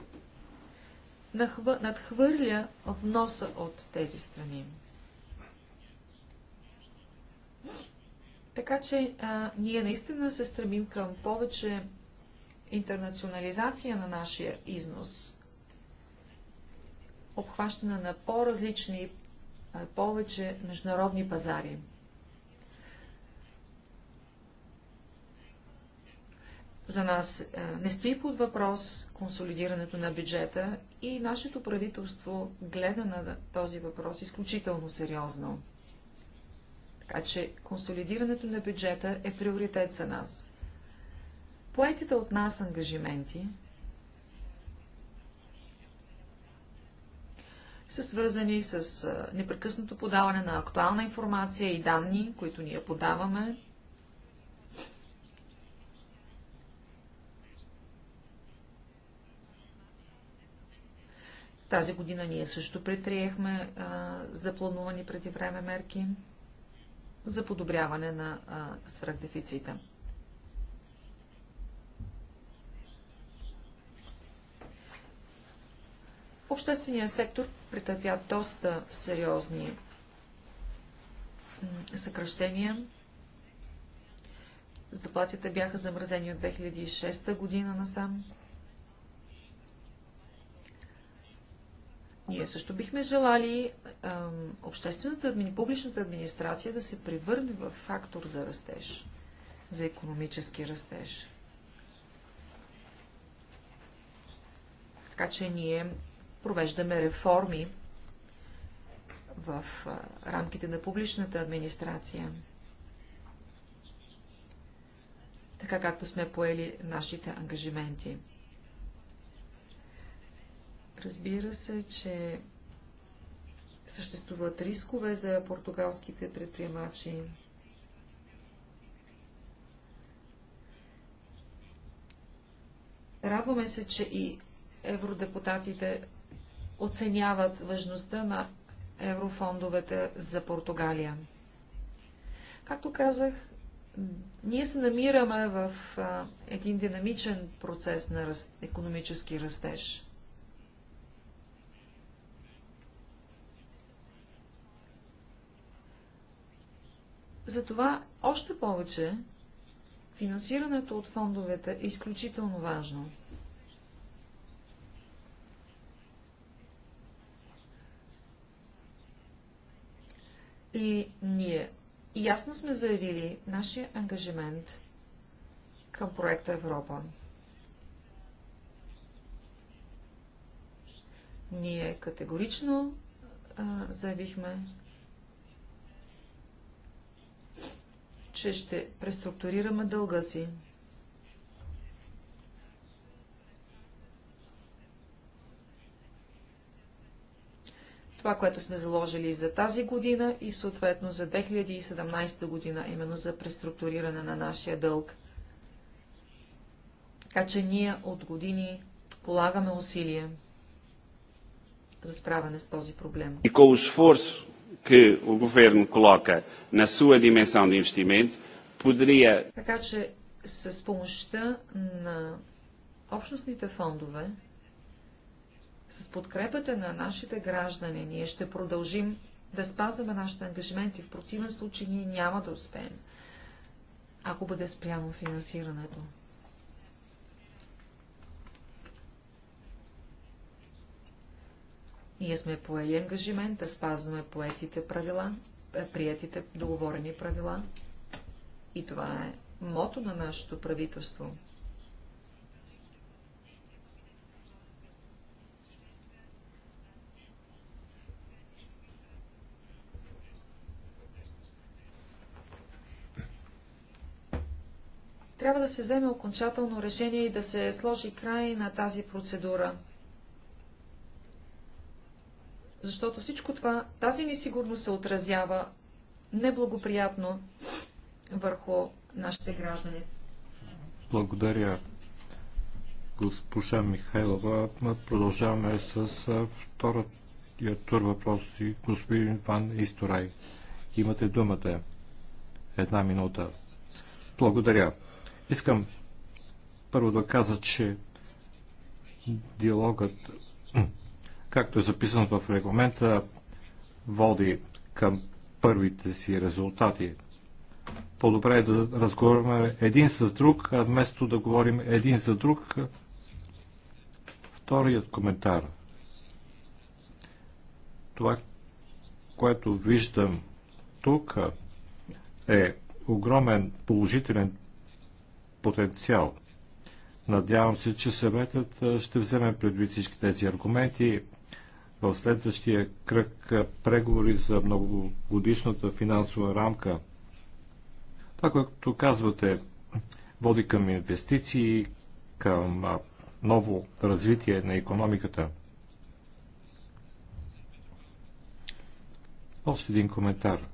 надхвърля вноса от тези страни. Така че а, ние наистина се стремим към повече интернационализация на нашия износ, обхващане на по-различни, повече международни пазари. За нас не стои под въпрос консолидирането на бюджета и нашето правителство гледа на този въпрос изключително сериозно. Така че консолидирането на бюджета е приоритет за нас. Поетите от нас ангажименти са свързани с непрекъснато подаване на актуална информация и данни, които ние подаваме. Тази година ние също предприехме а, запланувани преди време мерки за подобряване на а, свръхдефицита. Общественият сектор претърпя доста сериозни съкръщения. Заплатите бяха замразени от 2006 година насам. Ние също бихме желали ам, обществената, админи, публичната администрация да се превърне в фактор за растеж, за економически растеж. Така че ние провеждаме реформи в рамките на публичната администрация, така както сме поели нашите ангажименти. Разбира се, че съществуват рискове за португалските предприемачи. Радваме се, че и евродепутатите оценяват важността на еврофондовете за Португалия. Както казах, ние се намираме в един динамичен процес на економически растеж. Затова още повече финансирането от фондовете е изключително важно. И ние ясно сме заявили нашия ангажимент към проекта Европа. Ние категорично а, заявихме, че ще преструктурираме дълга си. това, което сме заложили за тази година и съответно за 2017 година, именно за преструктуриране на нашия дълг. Така че ние от години полагаме усилия за справяне с този проблем. И com усфорс, ке que o governo coloca na sua dimensão de Така че с помощта на общностните фондове, с подкрепата на нашите граждани ние ще продължим да спазваме нашите ангажименти. В противен случай ние няма да успеем, ако бъде спрямо финансирането. Ние сме поели ангажимент да спазваме поетите правила, е, приятите договорени правила. И това е мото на нашето правителство. трябва да се вземе окончателно решение и да се сложи край на тази процедура. Защото всичко това, тази несигурност се отразява неблагоприятно върху нашите граждани. Благодаря, госпожа Михайлова. Продължаваме с втория тур въпроси. Господин Ван Исторай, имате думата. Една минута. Благодаря. Искам първо да кажа, че диалогът, както е записан в регламента, води към първите си резултати. По-добре е да разговаряме един с друг, а вместо да говорим един за друг. Вторият коментар. Това, което виждам тук, е огромен положителен потенциал. Надявам се, че съветът ще вземе предвид всички тези аргументи в следващия кръг преговори за многогодишната финансова рамка. Това, което казвате, води към инвестиции, към ново развитие на економиката. Още един коментар –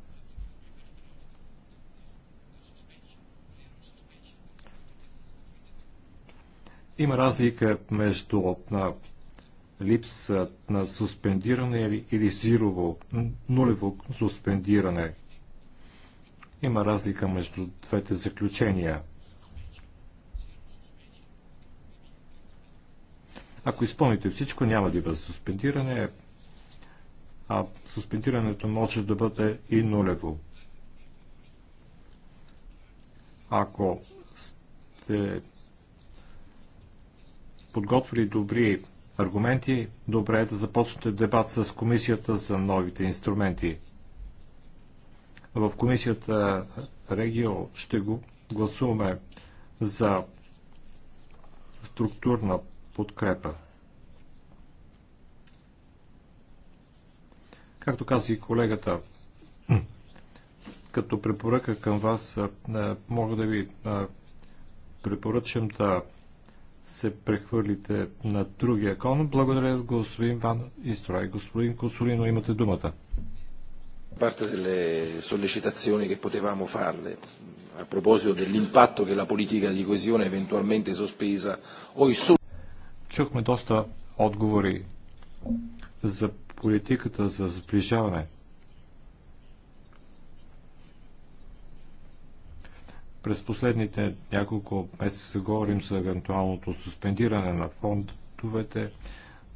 Има разлика между на липса на суспендиране или зирово, нулево суспендиране. Има разлика между двете заключения. Ако изпълните всичко, няма да има суспендиране, а суспендирането може да бъде и нулево. Ако сте подготвили добри аргументи, добре е да започнете дебат с комисията за новите инструменти. В комисията Регио ще го гласуваме за структурна подкрепа. Както каза и колегата, като препоръка към вас, мога да ви препоръчам да се прехвърлите на другия кон. Благодаря господин Ван Истрай. Господин Косолино, имате думата. Parte delle sollecitazioni che potevamo farle a proposito dell'impatto che la politica di coesione eventualmente sospesa o il Чухме доста отговори за политиката за сближаване – През последните няколко месеца говорим за евентуалното суспендиране на фондовете.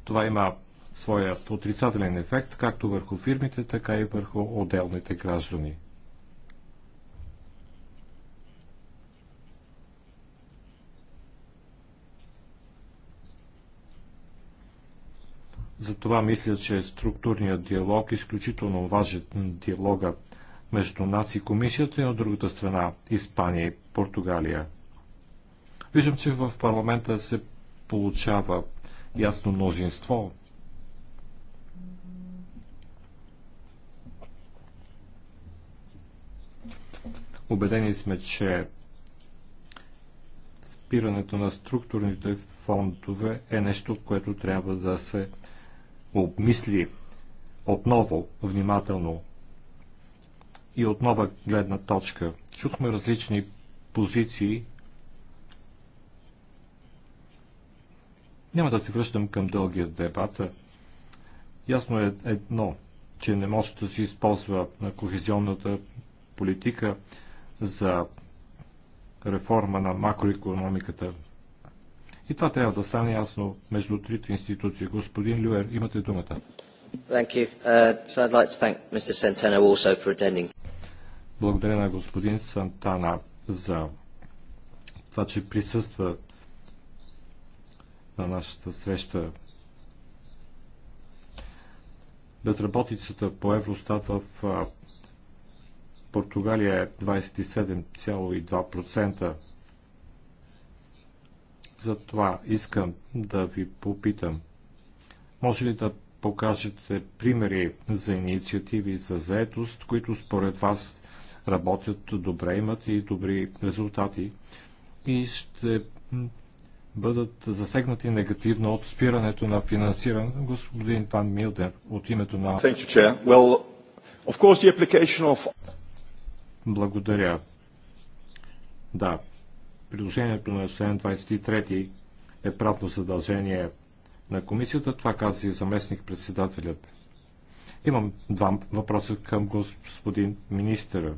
Това има своя отрицателен ефект както върху фирмите, така и върху отделните граждани. Затова мисля, че структурният диалог е изключително важен диалогът между нас и комисията и от другата страна Испания и Португалия. Виждам, че в парламента се получава ясно мнозинство. Обедени сме, че спирането на структурните фондове е нещо, което трябва да се обмисли отново внимателно и от нова гледна точка. Чухме различни позиции. Няма да се връщам към дългия дебат. Ясно е едно, че не може да се използва на кохезионната политика за реформа на макроекономиката. И това трябва да стане ясно между трите институции. Господин Люер, имате думата. Thank you. Uh, so I'd like to thank Mr. Centeno also for attending. Благодаря на господин Сантана за това, че присъства на нашата среща. Безработицата по Евростат в Португалия е 27,2%. Затова искам да ви попитам. Може ли да покажете примери за инициативи за заетост, които според вас работят добре, имат и добри резултати и ще бъдат засегнати негативно от спирането на финансиране. Господин пан Милдер, от името на... You, well, course, of... Благодаря. Да, приложението на член 23 е правно задължение на комисията. Това каза и заместник председателят. Имам два въпроса към господин министъра.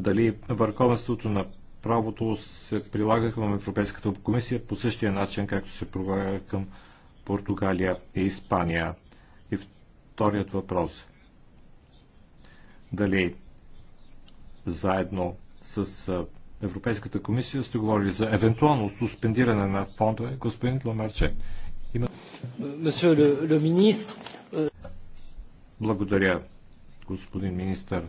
дали върховенството на правото се прилага към Европейската комисия по същия начин, както се прилага към Португалия и Испания. И вторият въпрос. Дали заедно с Европейската комисия сте говорили за евентуално суспендиране на фондове, господин Ламарче. Има... Euh- Благодаря, господин министър.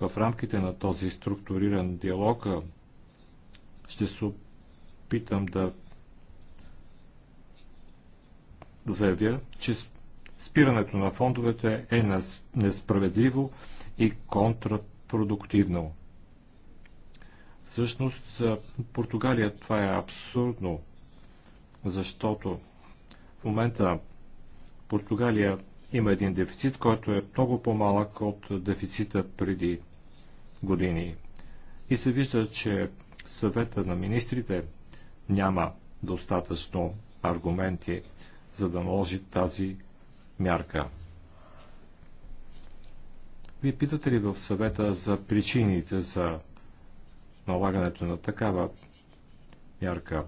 В рамките на този структуриран диалог ще се опитам да заявя, че спирането на фондовете е несправедливо и контрапродуктивно. Всъщност за Португалия това е абсурдно, защото в момента Португалия има един дефицит, който е много по-малък от дефицита преди години. И се вижда, че съвета на министрите няма достатъчно аргументи, за да наложи тази мярка. Вие питате ли в съвета за причините за налагането на такава мярка?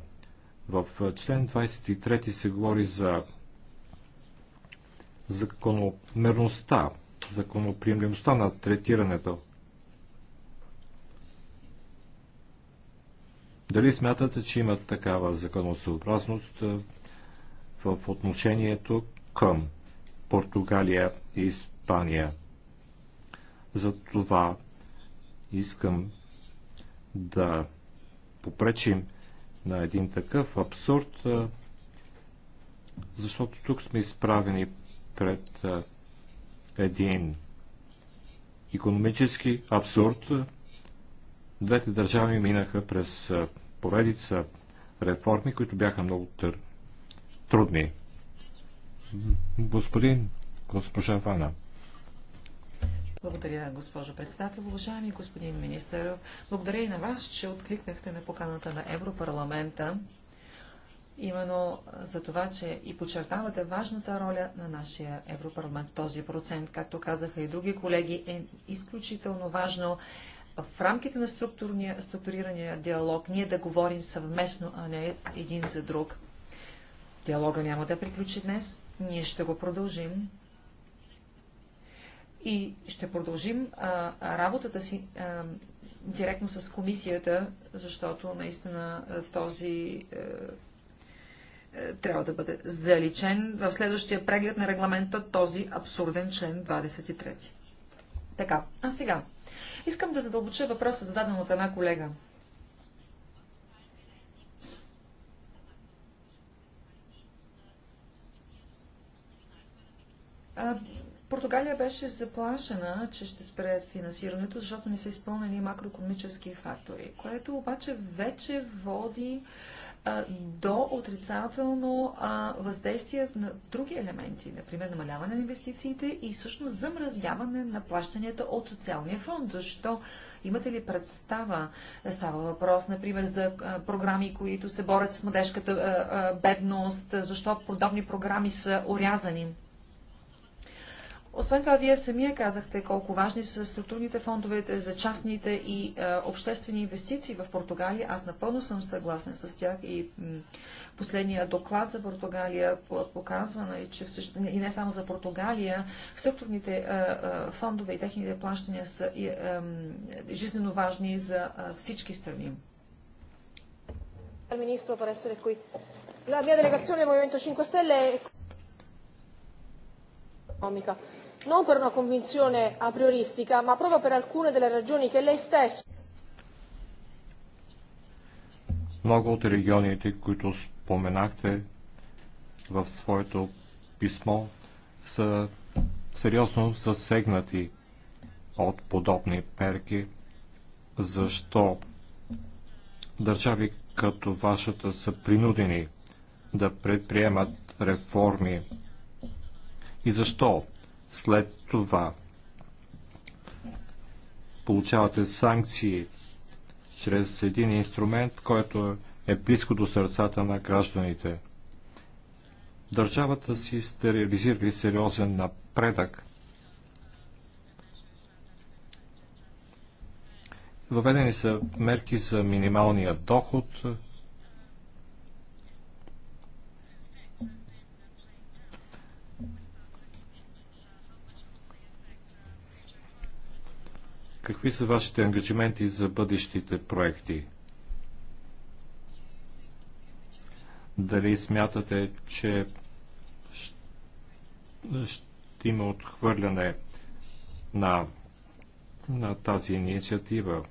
В член 23 се говори за закономерността, законоприемлемостта на третирането Дали смятате, че има такава законосъобразност е, в отношението към Португалия и Испания? За това искам да попречим на един такъв абсурд, е, защото тук сме изправени пред е, един економически абсурд. Двете държави минаха през поредица реформи, които бяха много тър... трудни. Господин, госпожа Вана. Благодаря, госпожо председател. Уважаеми господин министър, благодаря и на вас, че откликнахте на поканата на Европарламента, именно за това, че и подчертавате важната роля на нашия Европарламент. Този процент, както казаха и други колеги, е изключително важно в рамките на структурирания диалог ние да говорим съвместно, а не един за друг. Диалога няма да приключи днес, ние ще го продължим. И ще продължим а, работата си а, директно с комисията, защото наистина този а, е, е, трябва да бъде заличен в следващия преглед на регламента този абсурден член 23. Така, а сега Искам да задълбоча въпроса, зададен от една колега. Португалия беше заплашена, че ще спре финансирането, защото не са изпълнени макроекономически фактори, което обаче вече води а, до отрицателно а, въздействие на други елементи, например намаляване на инвестициите и всъщност замразяване на плащанията от социалния фонд. Защо? Имате ли представа? Става въпрос, например, за а, програми, които се борят с младежката бедност. Защо подобни програми са урязани? Освен това, вие самия казахте колко важни са структурните фондовете за частните и е, обществени инвестиции в Португалия. Аз напълно съм съгласен с тях и последния доклад за Португалия показва, нали, че всъщ... и не само за Португалия, структурните е, е, фондове и техните плащания са е, е, жизненно важни за е, всички страни. Е, La mia delegazione Movimento 5 Stelle economica non per una convinzione a prioristica, ma proprio per alcune delle ragioni che lei stesso. Много от регионите, които споменахте в своето писмо, са сериозно засегнати от подобни мерки. Защо държави като вашата са принудени да предприемат реформи? И защо след това получавате санкции чрез един инструмент, който е близко до сърцата на гражданите. Държавата си сте реализирали сериозен напредък. Въведени са мерки за минималния доход, Какви са вашите ангажименти за бъдещите проекти? Дали смятате, че ще има отхвърляне на, на тази инициатива?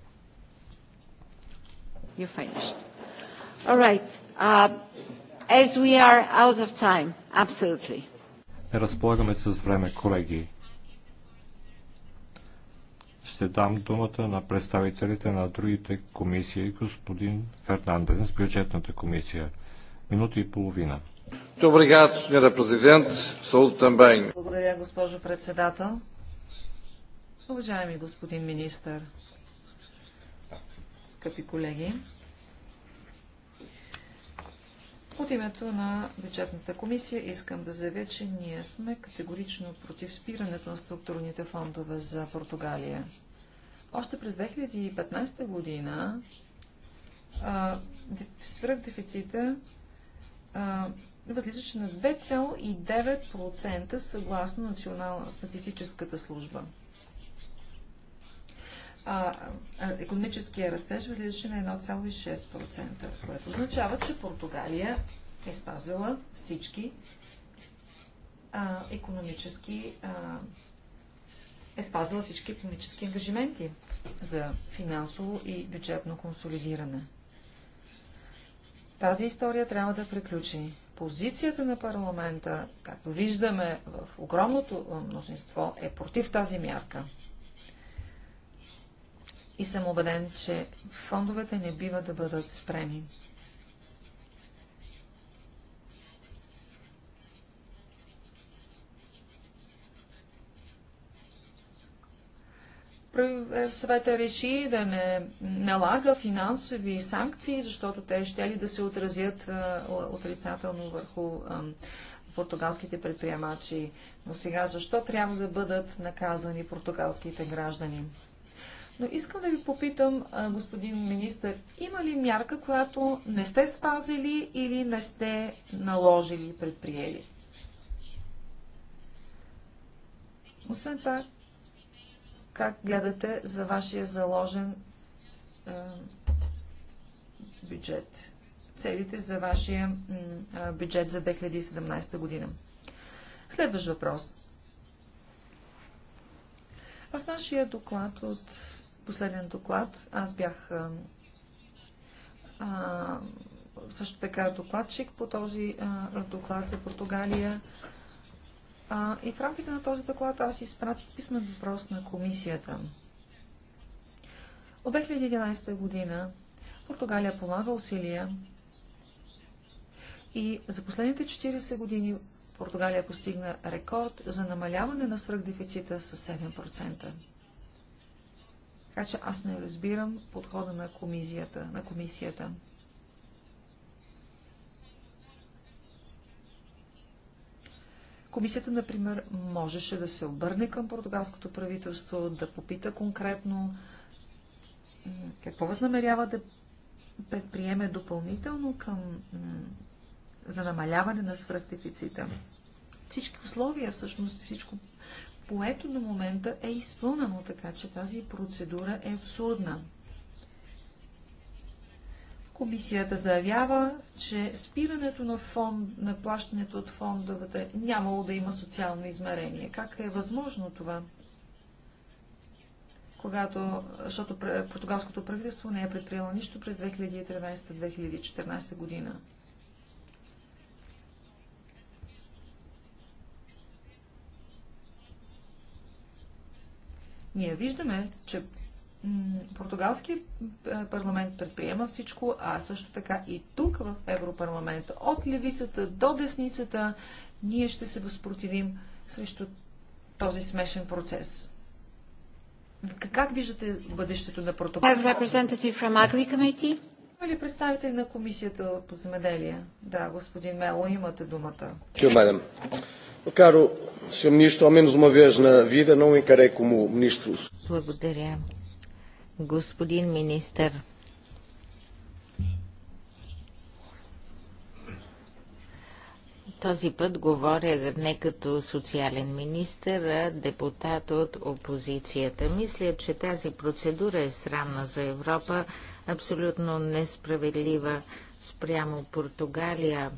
Не uh, разполагаме с време, колеги ще дам думата на представителите на другите комисии, господин Фернандес, с бюджетната комисия. Минута и половина. Благодаря, госпожо председател. Уважаеми господин министър, скъпи колеги, от името на бюджетната комисия искам да заявя, че ние сме категорично против спирането на структурните фондове за Португалия. Още през 2015 година свръхдефицита възлизаше на 2,9% съгласно Национална статистическата служба а, а, економическия растеж възлизаше на 1,6%, което означава, че Португалия е спазила всички а, економически а, е спазила всички економически ангажименти за финансово и бюджетно консолидиране. Тази история трябва да приключи. Позицията на парламента, както виждаме в огромното мнозинство, е против тази мярка и съм убеден, че фондовете не бива да бъдат спрени. Съветът реши да не налага финансови санкции, защото те ще ли да се отразят отрицателно върху португалските предприемачи. Но сега защо трябва да бъдат наказани португалските граждани? Но искам да ви попитам, господин министр, има ли мярка, която не сте спазили или не сте наложили и предприели? Освен това, как гледате за вашия заложен е, бюджет? Целите за вашия е, бюджет за 2017 година. Следващ въпрос. В нашия доклад от последен доклад. Аз бях а, също така докладчик по този а, доклад за Португалия. А, и в рамките на този доклад аз изпратих писмен въпрос на комисията. От 2011 година Португалия полага усилия и за последните 40 години Португалия постигна рекорд за намаляване на свръхдефицита с 7%. Така че аз не разбирам подхода на комисията. На комисията. Комисията, например, можеше да се обърне към португалското правителство, да попита конкретно какво възнамерява да предприеме допълнително към, за намаляване на свръхдефицита. Всички условия, всъщност всичко поето до момента е изпълнено, така че тази процедура е абсурдна. Комисията заявява, че спирането на, фонд, на плащането от фондовете нямало да има социално измерение. Как е възможно това? Когато, защото португалското правителство не е предприело нищо през 2013-2014 година. Ние виждаме, че португалски е, парламент предприема всичко, а също така и тук в Европарламента, от левицата до десницата, ние ще се възпротивим срещу този смешен процес. Как виждате бъдещето на протокол? Или представители на комисията по земеделие? Да, господин Мело, имате думата. Caro Sr. Ministro, ao menos uma vez na vida não encarei como ministro. Благодаря. Господин министър, Този път говоря не като социален министр, а депутат от опозицията. Мисля, че тази процедура е срамна за Европа, абсолютно несправедлива спрямо Португалия.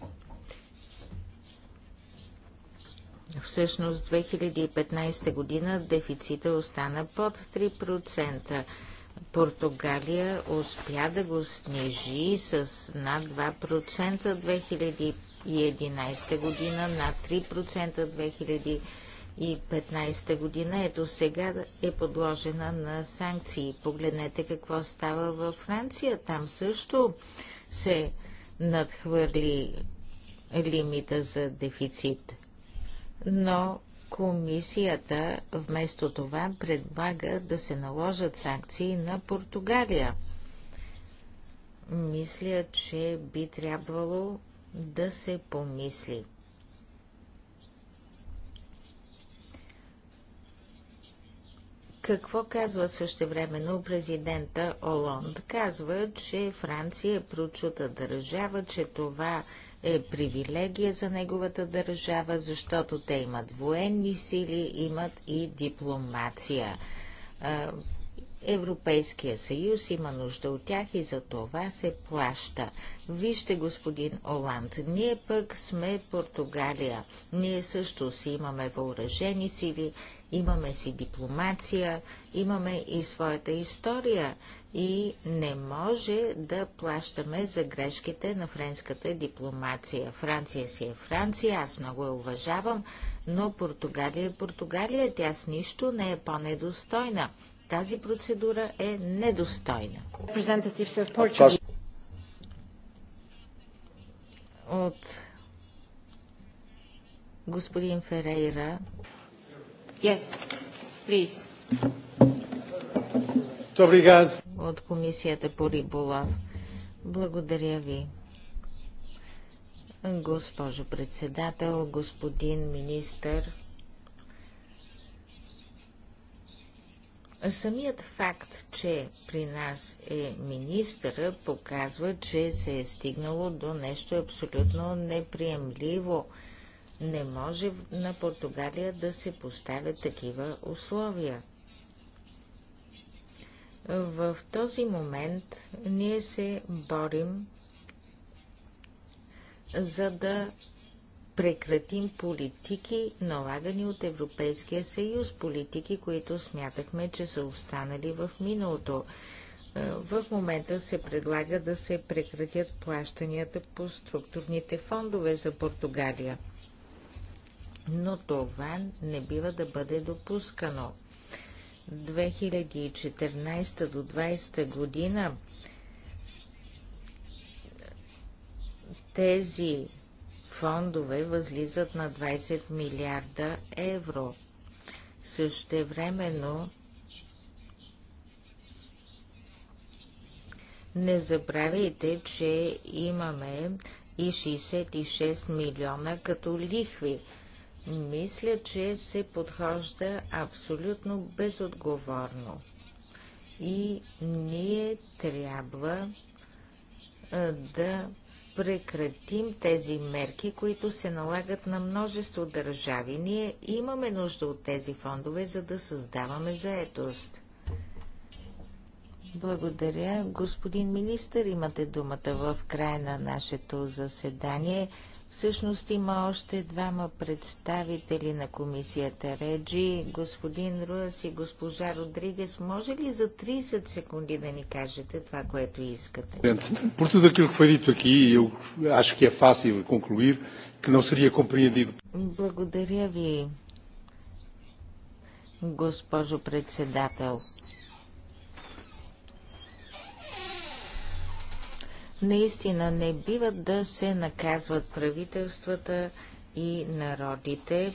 Всъщност 2015 година дефицита остана под 3%. Португалия успя да го снижи с над 2% 2011 година, над 3% 2015 година. Ето сега е подложена на санкции. Погледнете какво става във Франция. Там също се надхвърли лимита за дефицит но комисията вместо това предлага да се наложат санкции на Португалия. Мисля, че би трябвало да се помисли. Какво казва същевременно президента Олонд? Казва, че Франция е прочута държава, че това е привилегия за неговата държава, защото те имат военни сили, имат и дипломация. Европейския съюз има нужда от тях и за това се плаща. Вижте, господин Оланд, ние пък сме Португалия. Ние също си имаме въоръжени сили Имаме си дипломация, имаме и своята история и не може да плащаме за грешките на френската дипломация. Франция си е Франция, аз много я уважавам, но Португалия е Португалия, тя с нищо не е по-недостойна. Тази процедура е недостойна. От господин Ферейра. Yes, please. От комисията по риболов. Благодаря ви. Госпожо председател, господин министър, Самият факт, че при нас е министъра, показва, че се е стигнало до нещо абсолютно неприемливо – не може на Португалия да се поставят такива условия. В този момент ние се борим за да прекратим политики, налагани от Европейския съюз, политики, които смятахме, че са останали в миналото. Е, в момента се предлага да се прекратят плащанията по структурните фондове за Португалия но това не бива да бъде допускано. 2014 до 2020 година тези фондове възлизат на 20 милиарда евро. Същевременно не забравяйте, че имаме и 66 милиона като лихви – мисля, че се подхожда абсолютно безотговорно. И ние трябва да прекратим тези мерки, които се налагат на множество държави. Ние имаме нужда от тези фондове, за да създаваме заедост. Благодаря. Господин министр, имате думата в края на нашето заседание. Всъщност има още двама представители на комисията Реджи, господин Руас и госпожа Родригес. Може ли за 30 секунди да ни кажете това, което искате? Por tudo aquilo que foi dito aqui, eu acho que é fácil concluir que não seria compreendido. Благодаря ви, госпожо председател. Наистина не бива да се наказват правителствата и народите,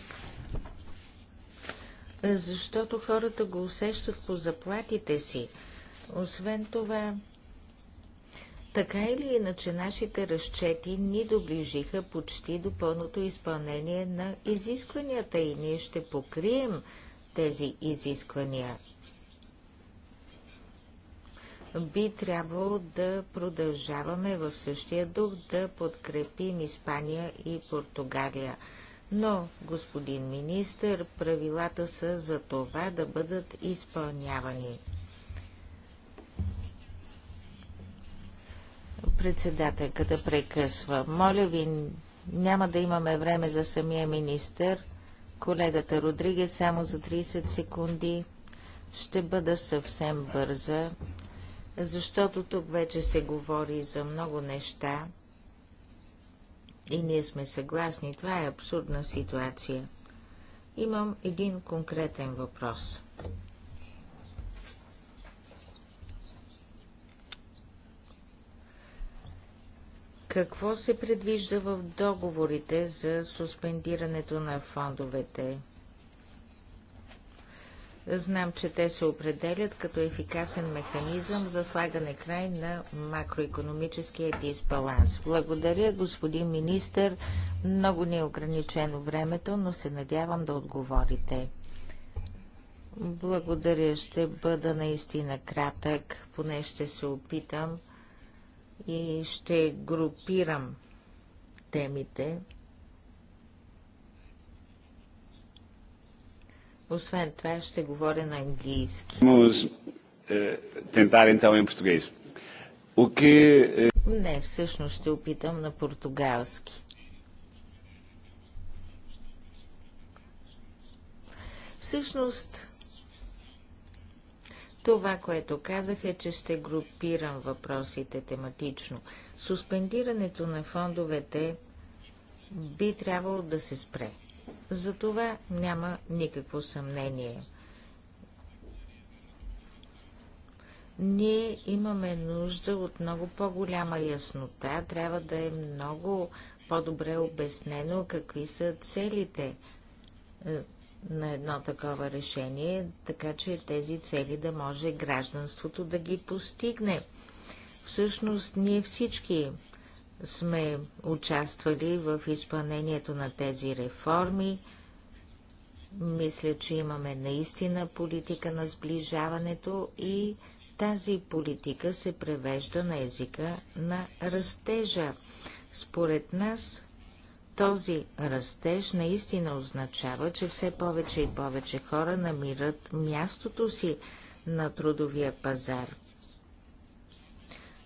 защото хората го усещат по заплатите си. Освен това, така или иначе, нашите разчети ни доближиха почти до пълното изпълнение на изискванията и ние ще покрием тези изисквания би трябвало да продължаваме в същия дух да подкрепим Испания и Португалия. Но, господин министр, правилата са за това да бъдат изпълнявани. Председателката прекъсва. Моля ви, няма да имаме време за самия министър. Колегата Родригес само за 30 секунди. Ще бъда съвсем бърза защото тук вече се говори за много неща и ние сме съгласни. Това е абсурдна ситуация. Имам един конкретен въпрос. Какво се предвижда в договорите за суспендирането на фондовете? Знам, че те се определят като ефикасен механизъм за слагане край на макроекономическия дисбаланс. Благодаря, господин министр. Много ни е ограничено времето, но се надявам да отговорите. Благодаря, ще бъда наистина кратък, поне ще се опитам и ще групирам темите. Освен това ще говоря на английски. Е, тентар então em português. O que... Не, всъщност ще опитам на португалски. Всъщност, това, което казах е, че ще групирам въпросите тематично. Суспендирането на фондовете би трябвало да се спре. За това няма никакво съмнение. Ние имаме нужда от много по-голяма яснота. Трябва да е много по-добре обяснено какви са целите е, на едно такова решение, така че тези цели да може гражданството да ги постигне. Всъщност ние всички сме участвали в изпълнението на тези реформи. Мисля, че имаме наистина политика на сближаването и тази политика се превежда на езика на растежа. Според нас този растеж наистина означава, че все повече и повече хора намират мястото си на трудовия пазар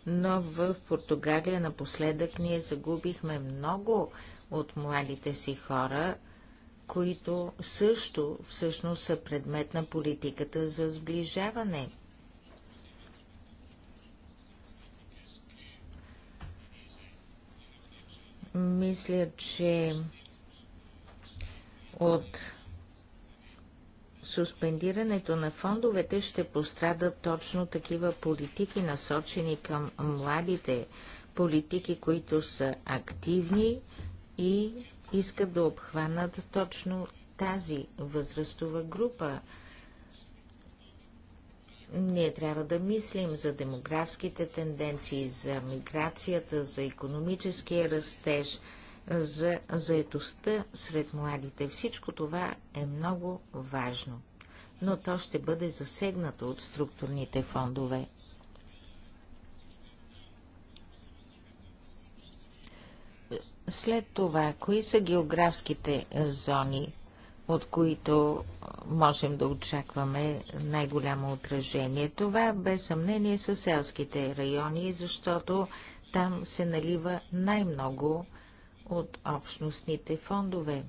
но в Португалия напоследък ние загубихме много от младите си хора, които също всъщност са предмет на политиката за сближаване. Мисля, че от суспендирането на фондовете ще пострадат точно такива политики, насочени към младите политики, които са активни и искат да обхванат точно тази възрастова група. Ние трябва да мислим за демографските тенденции, за миграцията, за економическия растеж – за заедостта сред младите. Всичко това е много важно, но то ще бъде засегнато от структурните фондове. След това, кои са географските зони, от които можем да очакваме най-голямо отражение? Това без съмнение са селските райони, защото там се налива най-много от общностните фондове.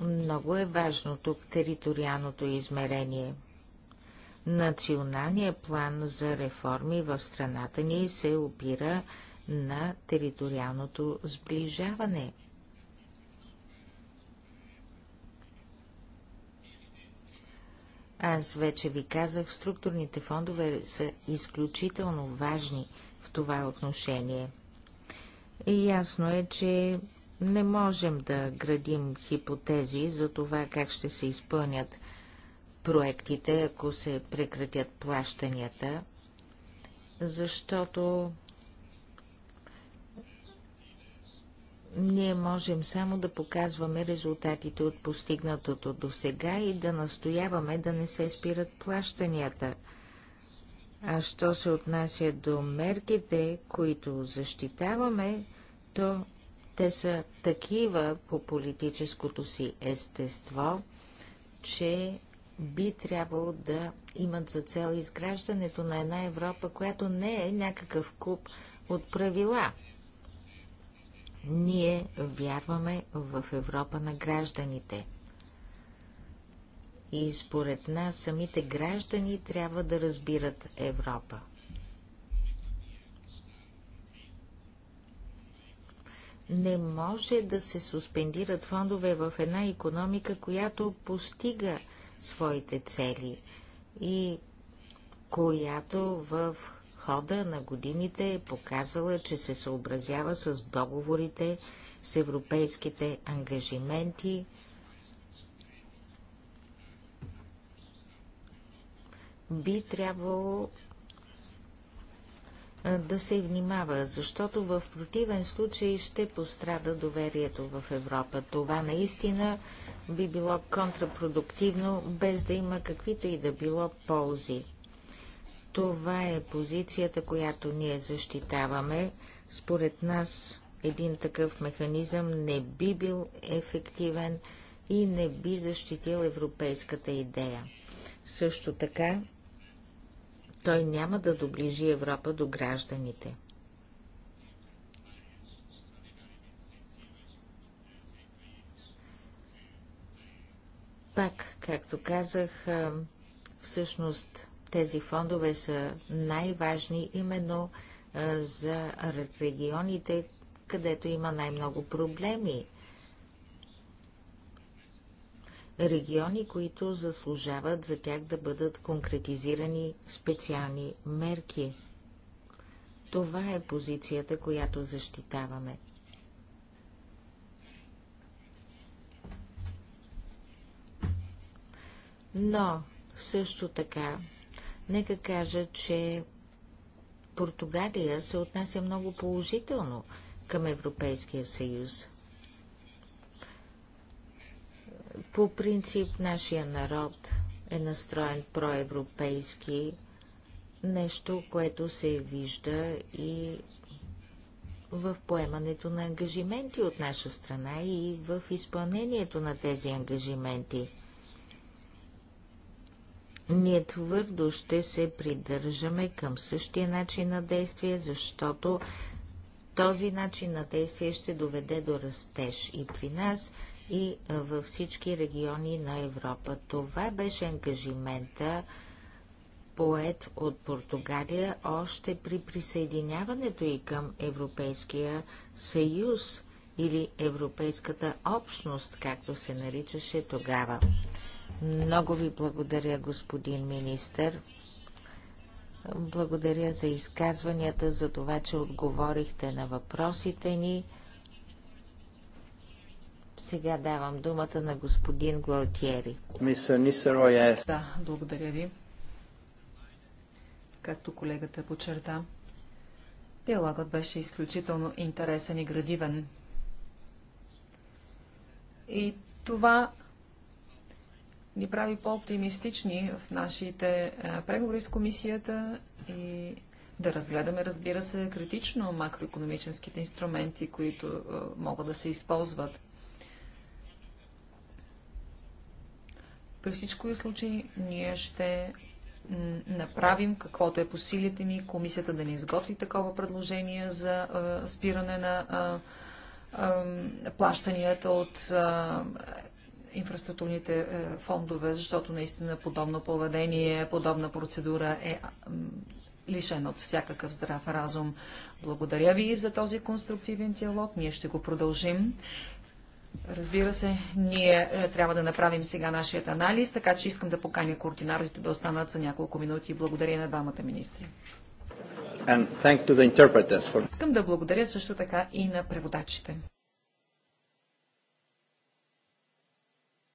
Много е важно тук териториалното измерение. Националният план за реформи в страната ни се опира на териториалното сближаване. Аз вече ви казах, структурните фондове са изключително важни – това е отношение. И ясно е, че не можем да градим хипотези за това как ще се изпълнят проектите, ако се прекратят плащанията, защото ние можем само да показваме резултатите от постигнатото до сега и да настояваме да не се спират плащанията – а що се отнася до мерките, които защитаваме, то те са такива по политическото си естество, че би трябвало да имат за цел изграждането на една Европа, която не е някакъв куп от правила. Ние вярваме в Европа на гражданите – и според нас самите граждани трябва да разбират Европа. Не може да се суспендират фондове в една економика, която постига своите цели и която в хода на годините е показала, че се съобразява с договорите, с европейските ангажименти, би трябвало да се внимава, защото в противен случай ще пострада доверието в Европа. Това наистина би било контрапродуктивно, без да има каквито и да било ползи. Това е позицията, която ние защитаваме. Според нас един такъв механизъм не би бил ефективен и не би защитил европейската идея. Също така той няма да доближи Европа до гражданите. Пак, както казах, всъщност тези фондове са най-важни именно за регионите, където има най-много проблеми региони, които заслужават за тях да бъдат конкретизирани специални мерки. Това е позицията, която защитаваме. Но също така, нека кажа, че Португалия се отнася много положително към Европейския съюз. По принцип нашия народ е настроен проевропейски, нещо, което се вижда и в поемането на ангажименти от наша страна и в изпълнението на тези ангажименти. Ние твърдо ще се придържаме към същия начин на действие, защото този начин на действие ще доведе до растеж и при нас, и във всички региони на Европа. Това беше ангажимента поет от Португалия още при присъединяването и към Европейския съюз или Европейската общност, както се наричаше тогава. Много ви благодаря, господин министър. Благодаря за изказванията, за това, че отговорихте на въпросите ни. Сега давам думата на господин Гуалтиери. Да, благодаря ви. Както колегата подчерта, диалогът беше изключително интересен и градивен. И това ни прави по-оптимистични в нашите е, преговори с комисията и да разгледаме, разбира се, критично макроекономическите инструменти, които е, могат да се използват При всички случаи ние ще направим каквото е по силите ни, комисията да ни изготви такова предложение за а, спиране на а, а, плащанията от а, инфраструктурните фондове, защото наистина подобно поведение, подобна процедура е лишена от всякакъв здрав разум. Благодаря ви за този конструктивен диалог. Ние ще го продължим. Разбира се, ние е, трябва да направим сега нашият анализ, така че искам да поканя координарите да останат за няколко минути. Благодаря на двамата министри. For... Искам да благодаря също така и на преводачите.